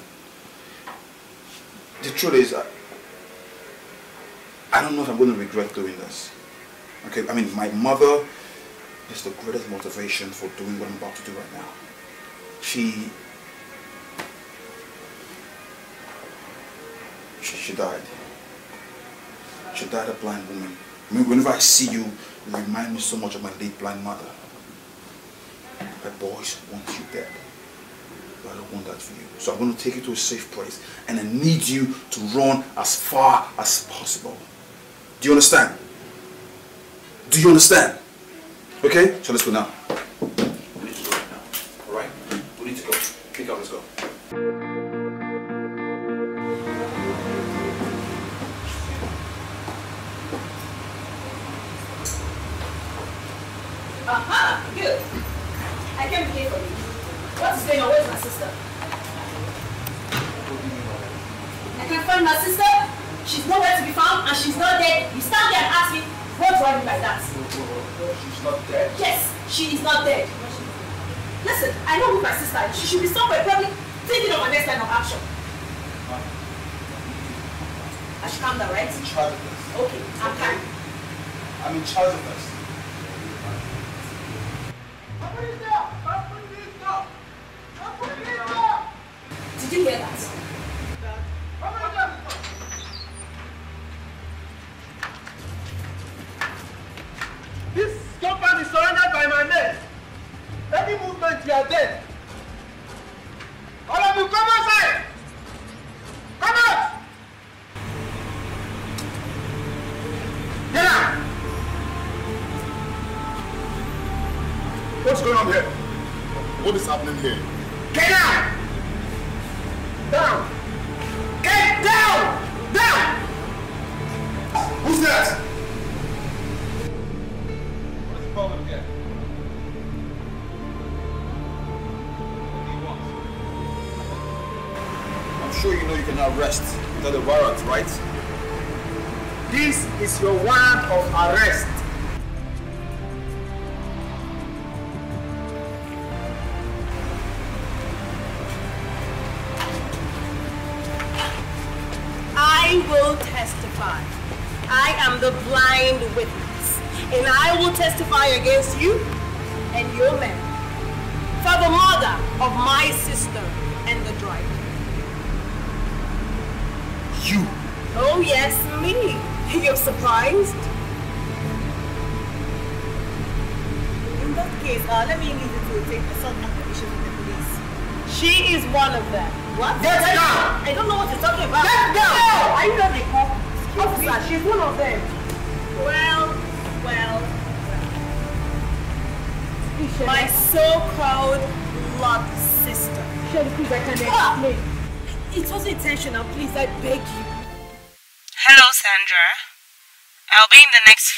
The truth is, I, I don't know if I'm going to regret doing this. Okay, I mean, my mother is the greatest motivation for doing what I'm about to do right now. She she died. She died a blind woman. I mean, whenever I see you, you remind me so much of my late blind mother. My boys want you dead. But I don't want that for you. So I'm going to take you to a safe place. And I need you to run as far as possible. Do you understand? Do you understand? Okay? So let's go now. We need to go right now. Alright? We need to go. Pick up, let's go. What is going on? Where is my sister? I can't find my sister. She's nowhere to be found and she's not dead. You stand there and ask me, what do I mean by that? She's not dead. Yes, she is not dead. Listen, I know who my sister is. She should be somewhere probably thinking of her next line of action. I should calm down, right? I'm in charge of this. Okay, I'm calm. I'm in charge of this.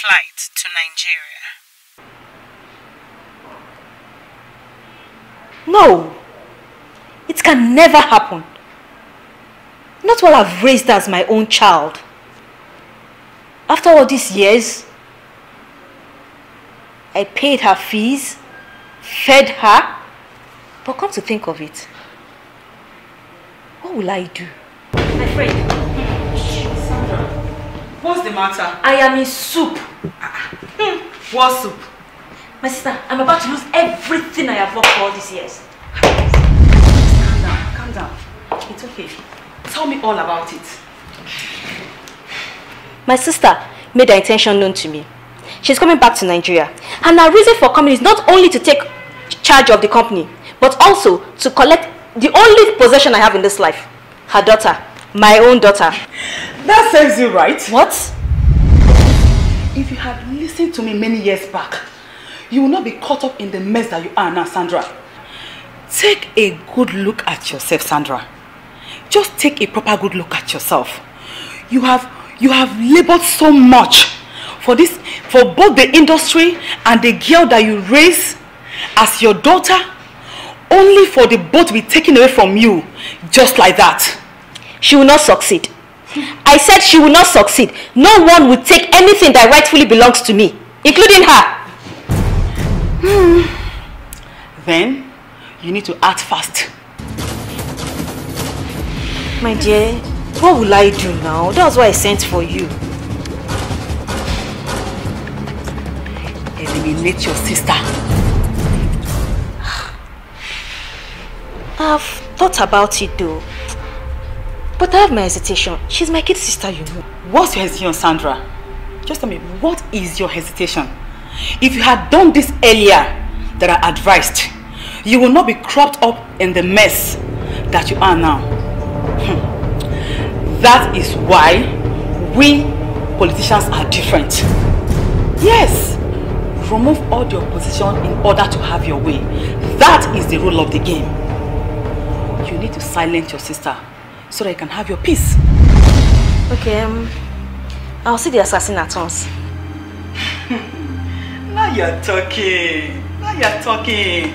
flight to Nigeria. No! It can never happen. Not while I've raised her as my own child. After all these years, I paid her fees, fed her, but come to think of it, what will I do? My friend, What's the matter? I am in soup. Ah, hmm, what soup? My sister, I'm about to lose everything I have worked for all these years. Calm down, calm down. It's okay. Tell me all about it. My sister made her intention known to me. She's coming back to Nigeria. And her reason for coming is not only to take charge of the company, but also to collect the only possession I have in this life. Her daughter, my own daughter. That serves you right. What? If you had listened to me many years back, you will not be caught up in the mess that you are now, Sandra. Take a good look at yourself, Sandra. Just take a proper good look at yourself. You have, you have labored so much for this, for both the industry and the girl that you raise as your daughter, only for the both to be taken away from you, just like that. She will not succeed. I said she will not succeed. No one will take anything that rightfully belongs to me, including her. Hmm. Then, you need to act fast. My dear, what will I do now? That's why I sent for you. Eliminate your sister. I've thought about it though. But I have my hesitation. She's my kid sister, you know. What's your hesitation, Sandra? Just tell me, what is your hesitation? If you had done this earlier that I advised, you will not be cropped up in the mess that you are now. Hmm. That is why we politicians are different. Yes, remove all the opposition in order to have your way. That is the rule of the game. You need to silence your sister so that can have your peace. Okay, um, I'll see the assassin at once. now you're talking. Now you're talking.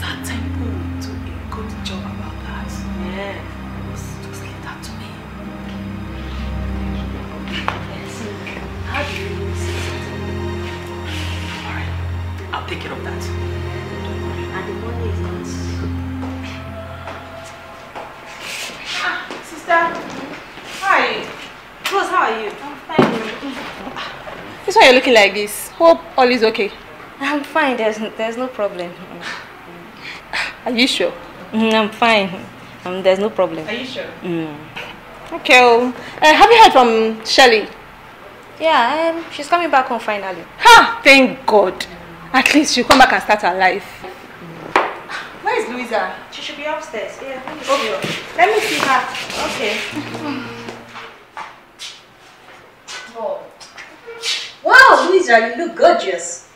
Certain people do a good job about that. Yeah. Just leave that to me. How do you All right, I'll take care of that. sister. How are you? Rose, how are you? I'm fine. why you're looking like this. Hope all is okay. I'm fine. There's there's no problem. Are you sure? Mm, I'm fine. Um, there's no problem. Are you sure? Mm. Okay. Oh. uh, have you heard from Shelly? Yeah, um, she's coming back home finally. Ha! Thank God. At least she'll come back and start her life. Mm. Where is Louisa? should be upstairs. Yeah, let me see that. Let me see her. Okay. oh. Wow, Louisa, you look gorgeous.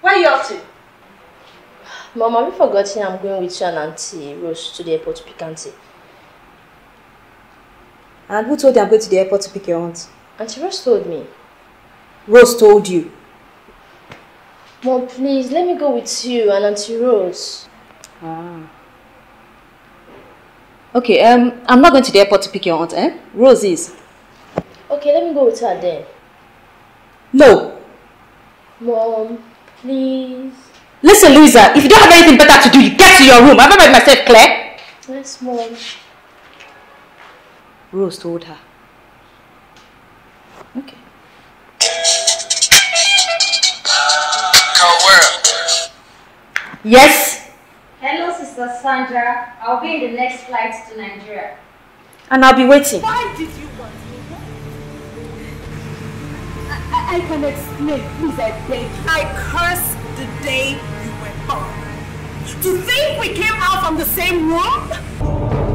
Where are you off to? Mom, have you forgotten I'm going with you and Auntie Rose to the airport to pick Auntie? And who told you I'm going to the airport to pick your aunt? Auntie Rose told me. Rose told you? Mom, please, let me go with you and Auntie Rose. Ah. Okay, um, I'm not going to the airport to pick your aunt, eh? Rose is. Okay, let me go with her then. No. Mom, please. Listen, Louisa, if you don't have anything better to do, you get to your room. i Have I made myself clear? Yes, Mom. Rose told her. Okay. Yes? Hello, Sister Sandra. I'll be in the next flight to Nigeria. And I'll be waiting. Why did you want me? I, I, I can explain. Please, I beg you. I curse the day you were born. you think we came out from the same womb?